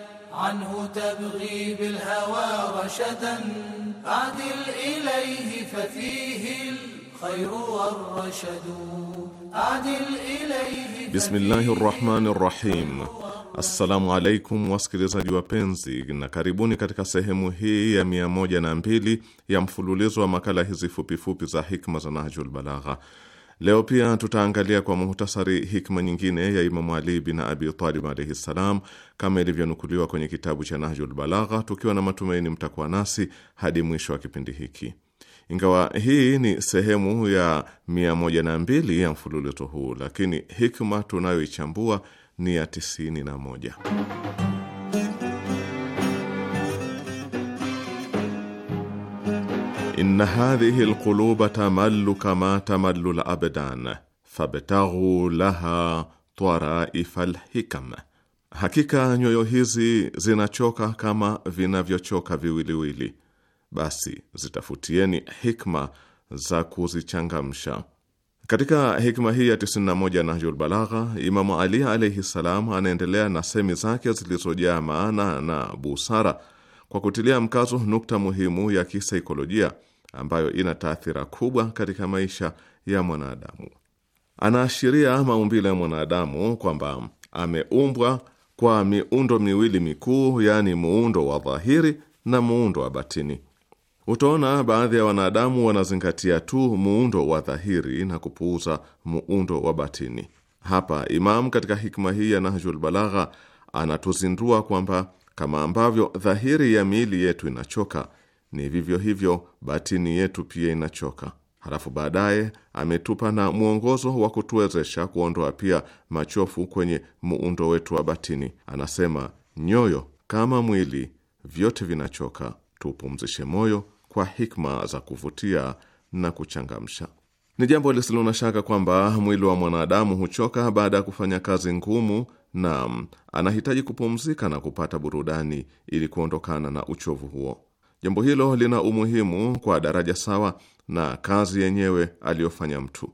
S1: عنه تبغي بالهوى رشدا أعدل إليه ففيه الخير والرشد أعدل إليه
S8: بسم الله الرحمن الرحيم Assalamu alaikum wasikilizaji wapenzi, na karibuni katika sehemu hii ya mia moja na mbili ya mfululizo wa makala hizi fupifupi za hikma za Nahjul Balagha. Leo pia tutaangalia kwa muhtasari hikma nyingine ya Imamu Ali bin Abi Talib alaihi ssalam, kama ilivyonukuliwa kwenye kitabu cha Nahjul Balagha, tukiwa na matumaini mtakuwa nasi hadi mwisho wa kipindi hiki. Ingawa hii ni sehemu ya mia moja na mbili ya mfululizo huu, lakini hikma tunayoichambua ni ya tisini na moja. inna hadhihi alquluba tamallu kama tamallu labdan fabtaghu laha twaraifa alhikam, hakika nyoyo hizi zinachoka kama vinavyochoka viwiliwili, basi zitafutieni hikma za kuzichangamsha. Katika hikma hii ya 91 Nahjul Balagha, Imamu Ali alaihi salam anaendelea na semi zake zilizojaa maana na busara kwa kutilia mkazo nukta muhimu ya kisaikolojia ambayo ina taathira kubwa katika maisha ya mwanadamu. Anaashiria maumbile ya mwanadamu kwamba ameumbwa kwa miundo miwili mikuu, yaani muundo wa dhahiri na muundo wa batini. Utaona baadhi ya wanadamu wanazingatia tu muundo wa dhahiri na kupuuza muundo wa batini. Hapa imamu katika hikma hii ya Nahjul Balagha anatuzindua kwamba kama ambavyo dhahiri ya miili yetu inachoka ni vivyo hivyo, batini yetu pia inachoka. Halafu baadaye ametupa na mwongozo wa kutuwezesha kuondoa pia machofu kwenye muundo wetu wa batini. Anasema nyoyo kama mwili vyote vinachoka, tupumzishe moyo kwa hikma za kuvutia na kuchangamsha. Ni jambo lisilo na shaka kwamba mwili wa mwanadamu huchoka baada ya kufanya kazi ngumu, na anahitaji kupumzika na kupata burudani ili kuondokana na uchovu huo. Jambo hilo lina umuhimu kwa daraja sawa na kazi yenyewe aliyofanya mtu.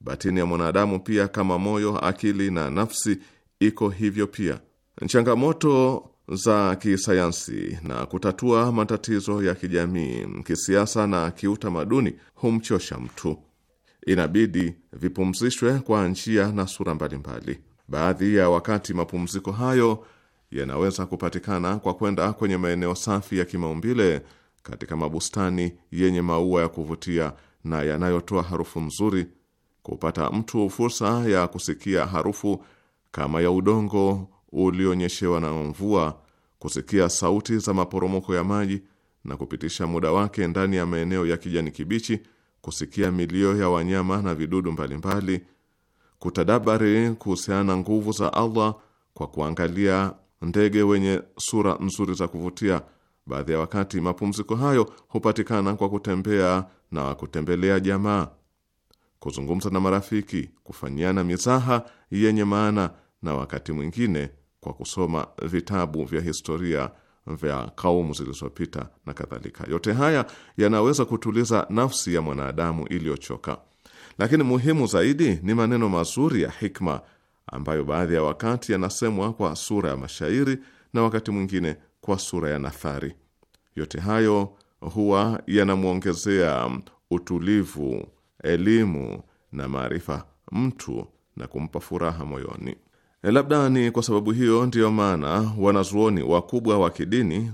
S8: Batini ya mwanadamu pia, kama moyo, akili na nafsi, iko hivyo pia. Changamoto za kisayansi na kutatua matatizo ya kijamii, kisiasa na kiutamaduni humchosha mtu, inabidi vipumzishwe kwa njia na sura mbalimbali. Baadhi ya wakati mapumziko hayo yanaweza kupatikana kwa kwenda kwenye maeneo safi ya kimaumbile katika mabustani yenye maua ya kuvutia na yanayotoa harufu nzuri, kupata mtu fursa ya kusikia harufu kama ya udongo ulionyeshewa na mvua, kusikia sauti za maporomoko ya maji na kupitisha muda wake ndani ya maeneo ya kijani kibichi, kusikia milio ya wanyama na vidudu mbalimbali, kutadabari kuhusiana na nguvu za Allah kwa kuangalia ndege wenye sura nzuri za kuvutia. Baadhi ya wakati mapumziko hayo hupatikana kwa kutembea na kutembelea jamaa, kuzungumza na marafiki, kufanyiana mizaha yenye maana, na wakati mwingine kwa kusoma vitabu vya historia vya kaumu zilizopita na kadhalika. Yote haya yanaweza kutuliza nafsi ya mwanadamu iliyochoka, lakini muhimu zaidi ni maneno mazuri ya hikma ambayo baadhi ya wakati yanasemwa kwa sura ya mashairi na wakati mwingine kwa sura ya nathari. Yote hayo huwa yanamwongezea utulivu, elimu na maarifa mtu na kumpa furaha moyoni. E, labda ni kwa sababu hiyo ndiyo maana wanazuoni wakubwa wa kidini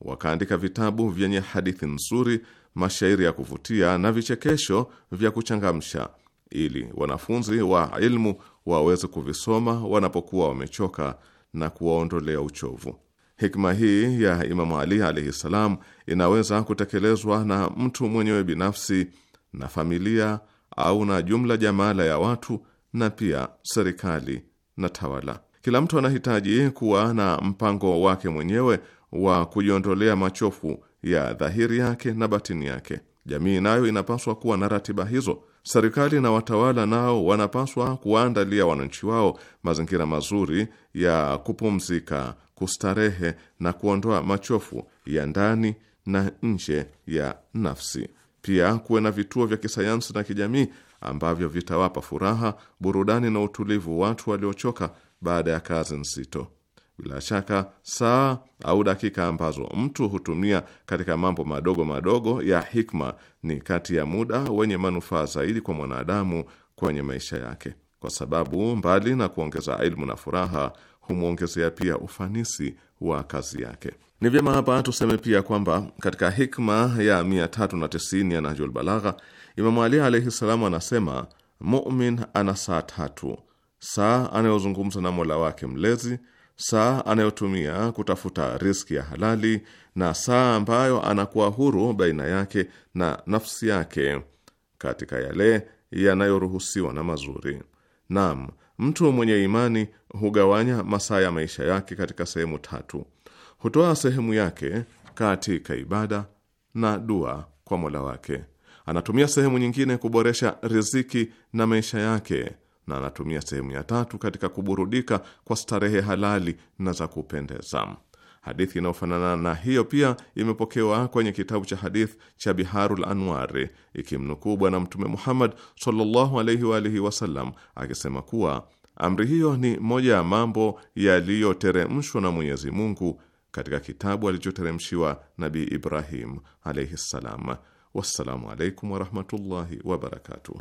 S8: wakaandika vitabu vyenye hadithi nzuri, mashairi ya kuvutia na vichekesho vya kuchangamsha, ili wanafunzi wa ilmu waweze kuvisoma wanapokuwa wamechoka na kuwaondolea uchovu. Hikma hii ya Imamu Ali alaihi ssalam inaweza kutekelezwa na mtu mwenyewe binafsi na familia au na jumla jamaala ya watu na pia serikali na tawala. Kila mtu anahitaji kuwa na mpango wake mwenyewe wa kujiondolea machofu ya dhahiri yake na batini yake. Jamii nayo inapaswa kuwa na ratiba hizo Serikali na watawala nao wanapaswa kuwaandalia wananchi wao mazingira mazuri ya kupumzika, kustarehe na kuondoa machofu ya ndani na nje ya nafsi. Pia kuwe na vituo vya kisayansi na kijamii ambavyo vitawapa furaha, burudani na utulivu watu waliochoka baada ya kazi nzito. Bila shaka saa au dakika ambazo mtu hutumia katika mambo madogo madogo ya hikma ni kati ya muda wenye manufaa zaidi kwa mwanadamu kwenye maisha yake, kwa sababu mbali na kuongeza ilmu na furaha, humwongezea pia ufanisi wa kazi yake. Ni vyema hapa tuseme pia kwamba katika hikma ya 390 ya Nahjul Balagha, Imamu Ali alaihi salam anasema mumin ana saa tatu, saa anayozungumza na Mola wake mlezi saa anayotumia kutafuta riski ya halali na saa ambayo anakuwa huru baina yake na nafsi yake katika yale yanayoruhusiwa na mazuri. Naam, mtu mwenye imani hugawanya masaa ya maisha yake katika sehemu tatu. Hutoa sehemu yake katika ibada na dua kwa Mola wake. Anatumia sehemu nyingine kuboresha riziki na maisha yake na anatumia sehemu ya tatu katika kuburudika kwa starehe halali na za kupendeza. Hadithi inayofanana na hiyo pia imepokewa kwenye kitabu cha hadith cha Biharul Anwari ikimnukuu Bwana Mtume Muhammad sallallahu alaihi wa alihi wasallam akisema kuwa amri hiyo ni moja ya mambo yaliyoteremshwa na Mwenyezi Mungu katika kitabu alichoteremshiwa Nabii Ibrahim alaihi ssalam. Wassalamu alaikum warahmatullahi wabarakatuh.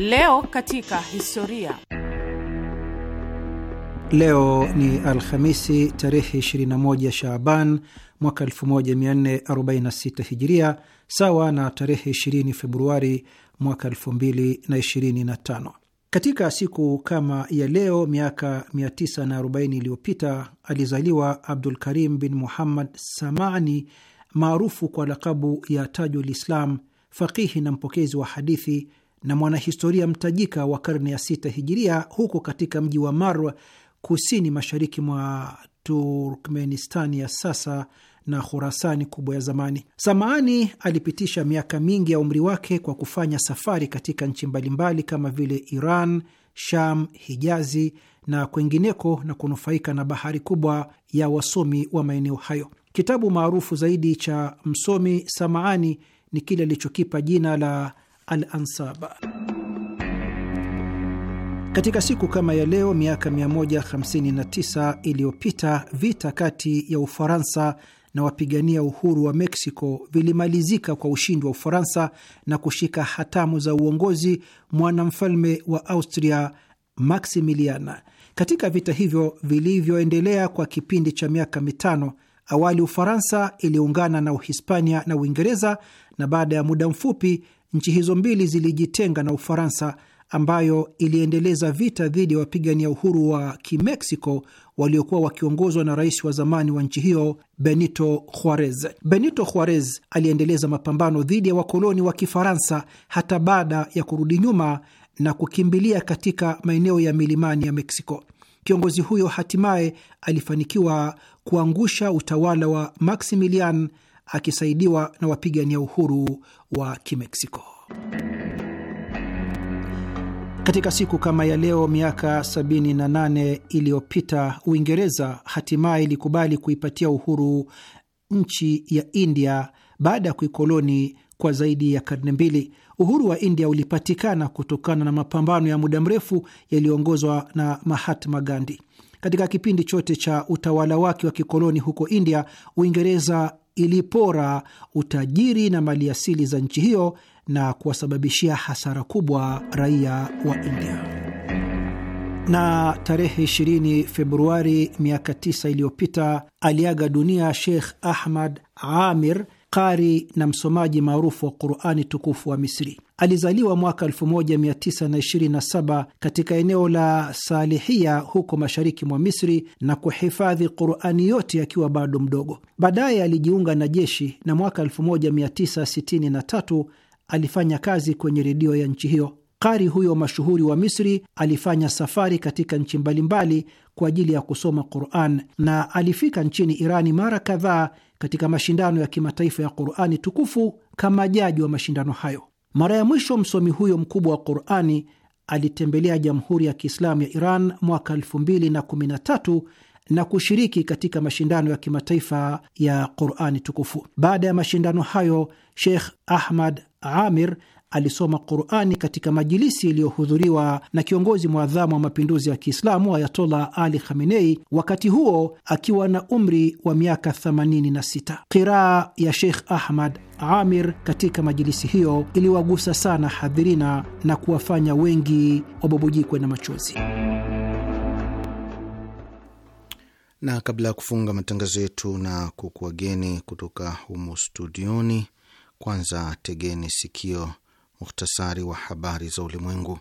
S5: Leo katika historia.
S9: Leo ni Alhamisi tarehe 21 Shaaban mwaka 1446 Hijiria, sawa na tarehe 20 Februari mwaka 2025. Katika siku kama ya leo miaka 940 iliyopita alizaliwa Abdul Karim bin Muhammad Samani, maarufu kwa lakabu ya Tajul Islam, faqihi na mpokezi wa hadithi na mwanahistoria mtajika wa karne ya sita hijiria huko katika mji wa Marw kusini mashariki mwa Turkmenistani ya sasa na Khurasani kubwa ya zamani. Samaani alipitisha miaka mingi ya umri wake kwa kufanya safari katika nchi mbalimbali kama vile Iran, Sham, Hijazi na kwengineko na kunufaika na bahari kubwa ya wasomi wa maeneo hayo. Kitabu maarufu zaidi cha msomi Samaani ni kile alichokipa jina la al-Ansaba. Katika siku kama ya leo miaka 159 iliyopita vita kati ya Ufaransa na wapigania uhuru wa Meksiko vilimalizika kwa ushindi wa Ufaransa na kushika hatamu za uongozi mwanamfalme wa Austria Maximiliana. Katika vita hivyo vilivyoendelea kwa kipindi cha miaka mitano, awali Ufaransa iliungana na Uhispania na Uingereza, na baada ya muda mfupi Nchi hizo mbili zilijitenga na Ufaransa ambayo iliendeleza vita dhidi ya wapigania uhuru wa Kimeksiko waliokuwa wakiongozwa na rais wa zamani wa nchi hiyo Benito Juarez. Benito Juarez aliendeleza mapambano dhidi ya wakoloni wa Kifaransa hata baada ya kurudi nyuma na kukimbilia katika maeneo ya milimani ya Meksiko. Kiongozi huyo hatimaye alifanikiwa kuangusha utawala wa Maximilian akisaidiwa na wapigania uhuru wa Kimeksiko. Katika siku kama ya leo miaka 78 iliyopita Uingereza hatimaye ilikubali kuipatia uhuru nchi ya India baada ya kuikoloni kwa zaidi ya karne mbili. Uhuru wa India ulipatikana kutokana na mapambano ya muda mrefu yaliyoongozwa na Mahatma Gandhi. Katika kipindi chote cha utawala wake wa kikoloni huko India, Uingereza ilipora utajiri na maliasili za nchi hiyo na kuwasababishia hasara kubwa raia wa India. Na tarehe 20 Februari miaka 9 iliyopita aliaga dunia Sheikh Ahmad Amir, qari na msomaji maarufu wa Qurani tukufu wa Misri. Alizaliwa mwaka 1927 katika eneo la Salihia huko mashariki mwa Misri na kuhifadhi Qurani yote akiwa bado mdogo. Baadaye alijiunga na jeshi na mwaka 1963 alifanya kazi kwenye redio ya nchi hiyo. Qari huyo mashuhuri wa Misri alifanya safari katika nchi mbalimbali kwa ajili ya kusoma Quran na alifika nchini Irani mara kadhaa katika mashindano ya kimataifa ya Qurani tukufu kama jaji wa mashindano hayo. Mara ya mwisho msomi huyo mkubwa wa Qurani alitembelea Jamhuri ya Kiislamu ya Iran mwaka 2013 na kushiriki katika mashindano ya kimataifa ya Qurani tukufu. Baada ya mashindano hayo, Sheikh Ahmad Amir alisoma Qurani katika majilisi iliyohudhuriwa na kiongozi mwadhamu wa mapinduzi ya Kiislamu Ayatollah Ali Khamenei, wakati huo akiwa na umri wa miaka 86. Qiraa ya Sheikh Ahmad Amir katika majilisi hiyo iliwagusa sana hadhirina na kuwafanya wengi wabubujikwe na machozi.
S3: Na kabla ya kufunga matangazo yetu na kukuwageni kutoka humo studioni, kwanza tegeni sikio muhtasari wa habari za ulimwengu.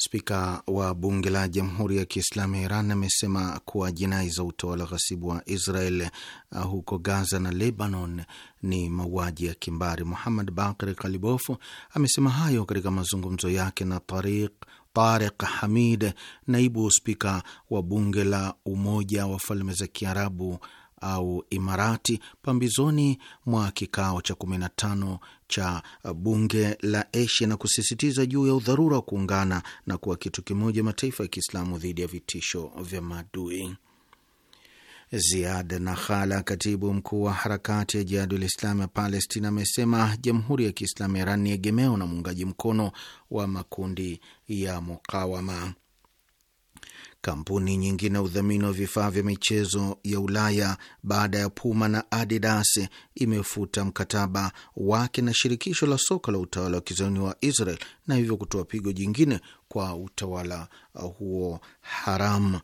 S3: Spika wa bunge la Jamhuri ya Kiislamu ya Iran amesema kuwa jinai za utawala ghasibu wa Israel uh, huko Gaza na Lebanon ni mauaji ya kimbari. Muhammad Bakir Kalibof amesema hayo katika mazungumzo yake na Tariq Tarik Hamid, naibu spika wa bunge la Umoja wa Falme za Kiarabu au Imarati, pambizoni mwa kikao cha kumi na tano cha bunge la Asia na kusisitiza juu ya udharura wa kuungana na kuwa kitu kimoja mataifa ya Kiislamu dhidi ya vitisho vya maadui. Ziad Nakhala, katibu mkuu wa harakati ya Jihadul Islami ya Palestina, amesema jamhuri ya Kiislamu ya Iran ni egemeo na muungaji mkono wa makundi ya mukawama. Kampuni nyingine udhamini wa vifaa vya michezo ya Ulaya baada ya Puma na Adidas imefuta mkataba wake na shirikisho la soka la utawala wa kizayuni wa Israel na hivyo kutoa pigo jingine kwa utawala huo haramu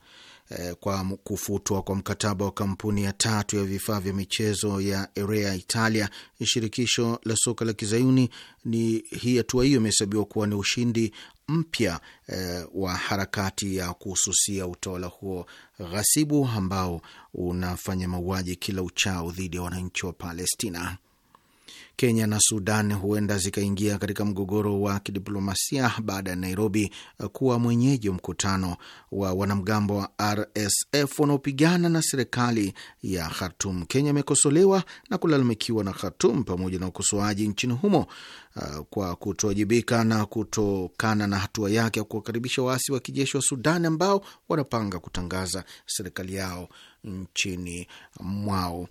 S3: e, kwa kufutwa kwa mkataba wa kampuni ya tatu ya vifaa vya michezo ya Erea Italia, shirikisho la soka la kizayuni. Ni hii hatua hiyo imehesabiwa kuwa ni ushindi mpya e, wa harakati ya kuhususia utawala huo ghasibu ambao unafanya mauaji kila uchao dhidi ya wananchi wa Palestina. Kenya na Sudan huenda zikaingia katika mgogoro wa kidiplomasia baada ya Nairobi kuwa mwenyeji wa mkutano wa wanamgambo wa RSF wanaopigana na serikali ya Khartum. Kenya imekosolewa na kulalamikiwa na Khartum pamoja na ukosoaji nchini humo uh, kwa kutowajibika na kutokana na hatua yake ya kuwakaribisha waasi wa kijeshi wa Sudan ambao wanapanga kutangaza serikali yao nchini mwao.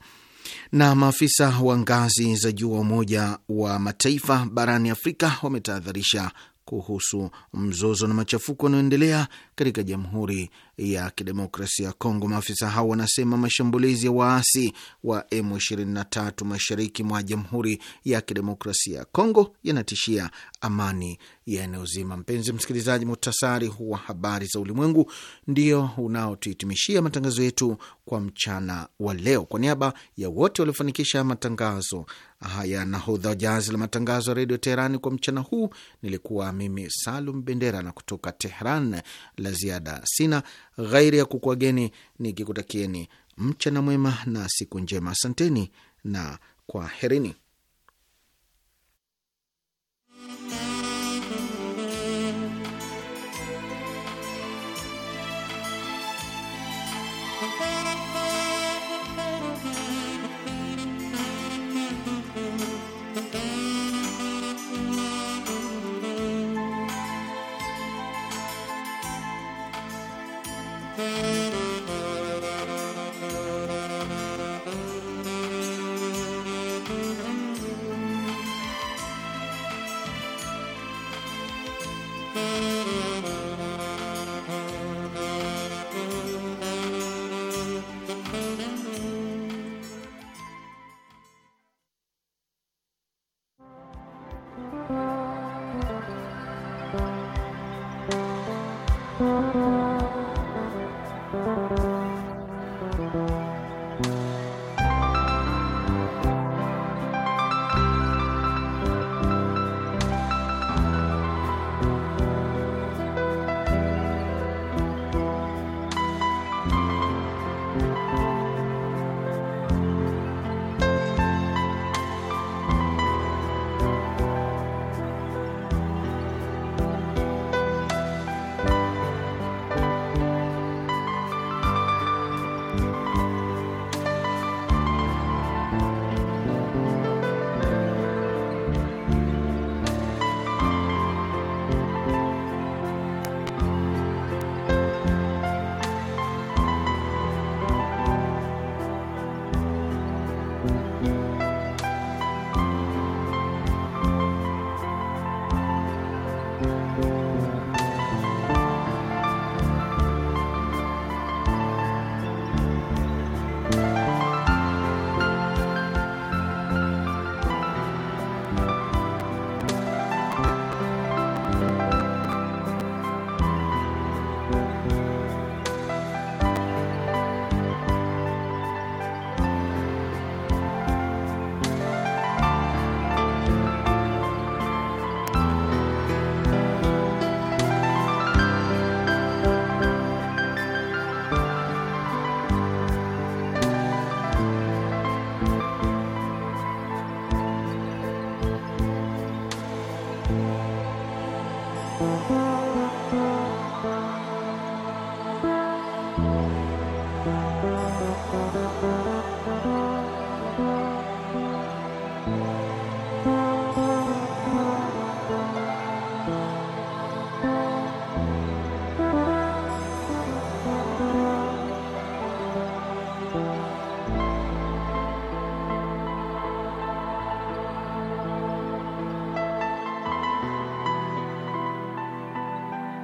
S3: Na maafisa wa ngazi za juu wa Umoja wa Mataifa barani Afrika wametahadharisha kuhusu mzozo na machafuko yanayoendelea katika Jamhuri ya kidemokrasia ya Kongo. Maafisa hao wanasema mashambulizi ya waasi wa M23 mashariki mwa jamhuri ya kidemokrasia ya Kongo yanatishia amani ya eneo zima. Mpenzi msikilizaji, muhtasari huu wa habari za ulimwengu ndio unaotuhitimishia matangazo yetu kwa mchana wa leo. Kwa niaba ya wote waliofanikisha matangazo haya, nahodha jahazi la matangazo ya redio Teherani kwa mchana huu nilikuwa mimi Salum Bendera, na kutoka Tehran la ziada sina ghairi ya kukuageni nikikutakieni mchana mwema na siku njema. Asanteni na kwaherini.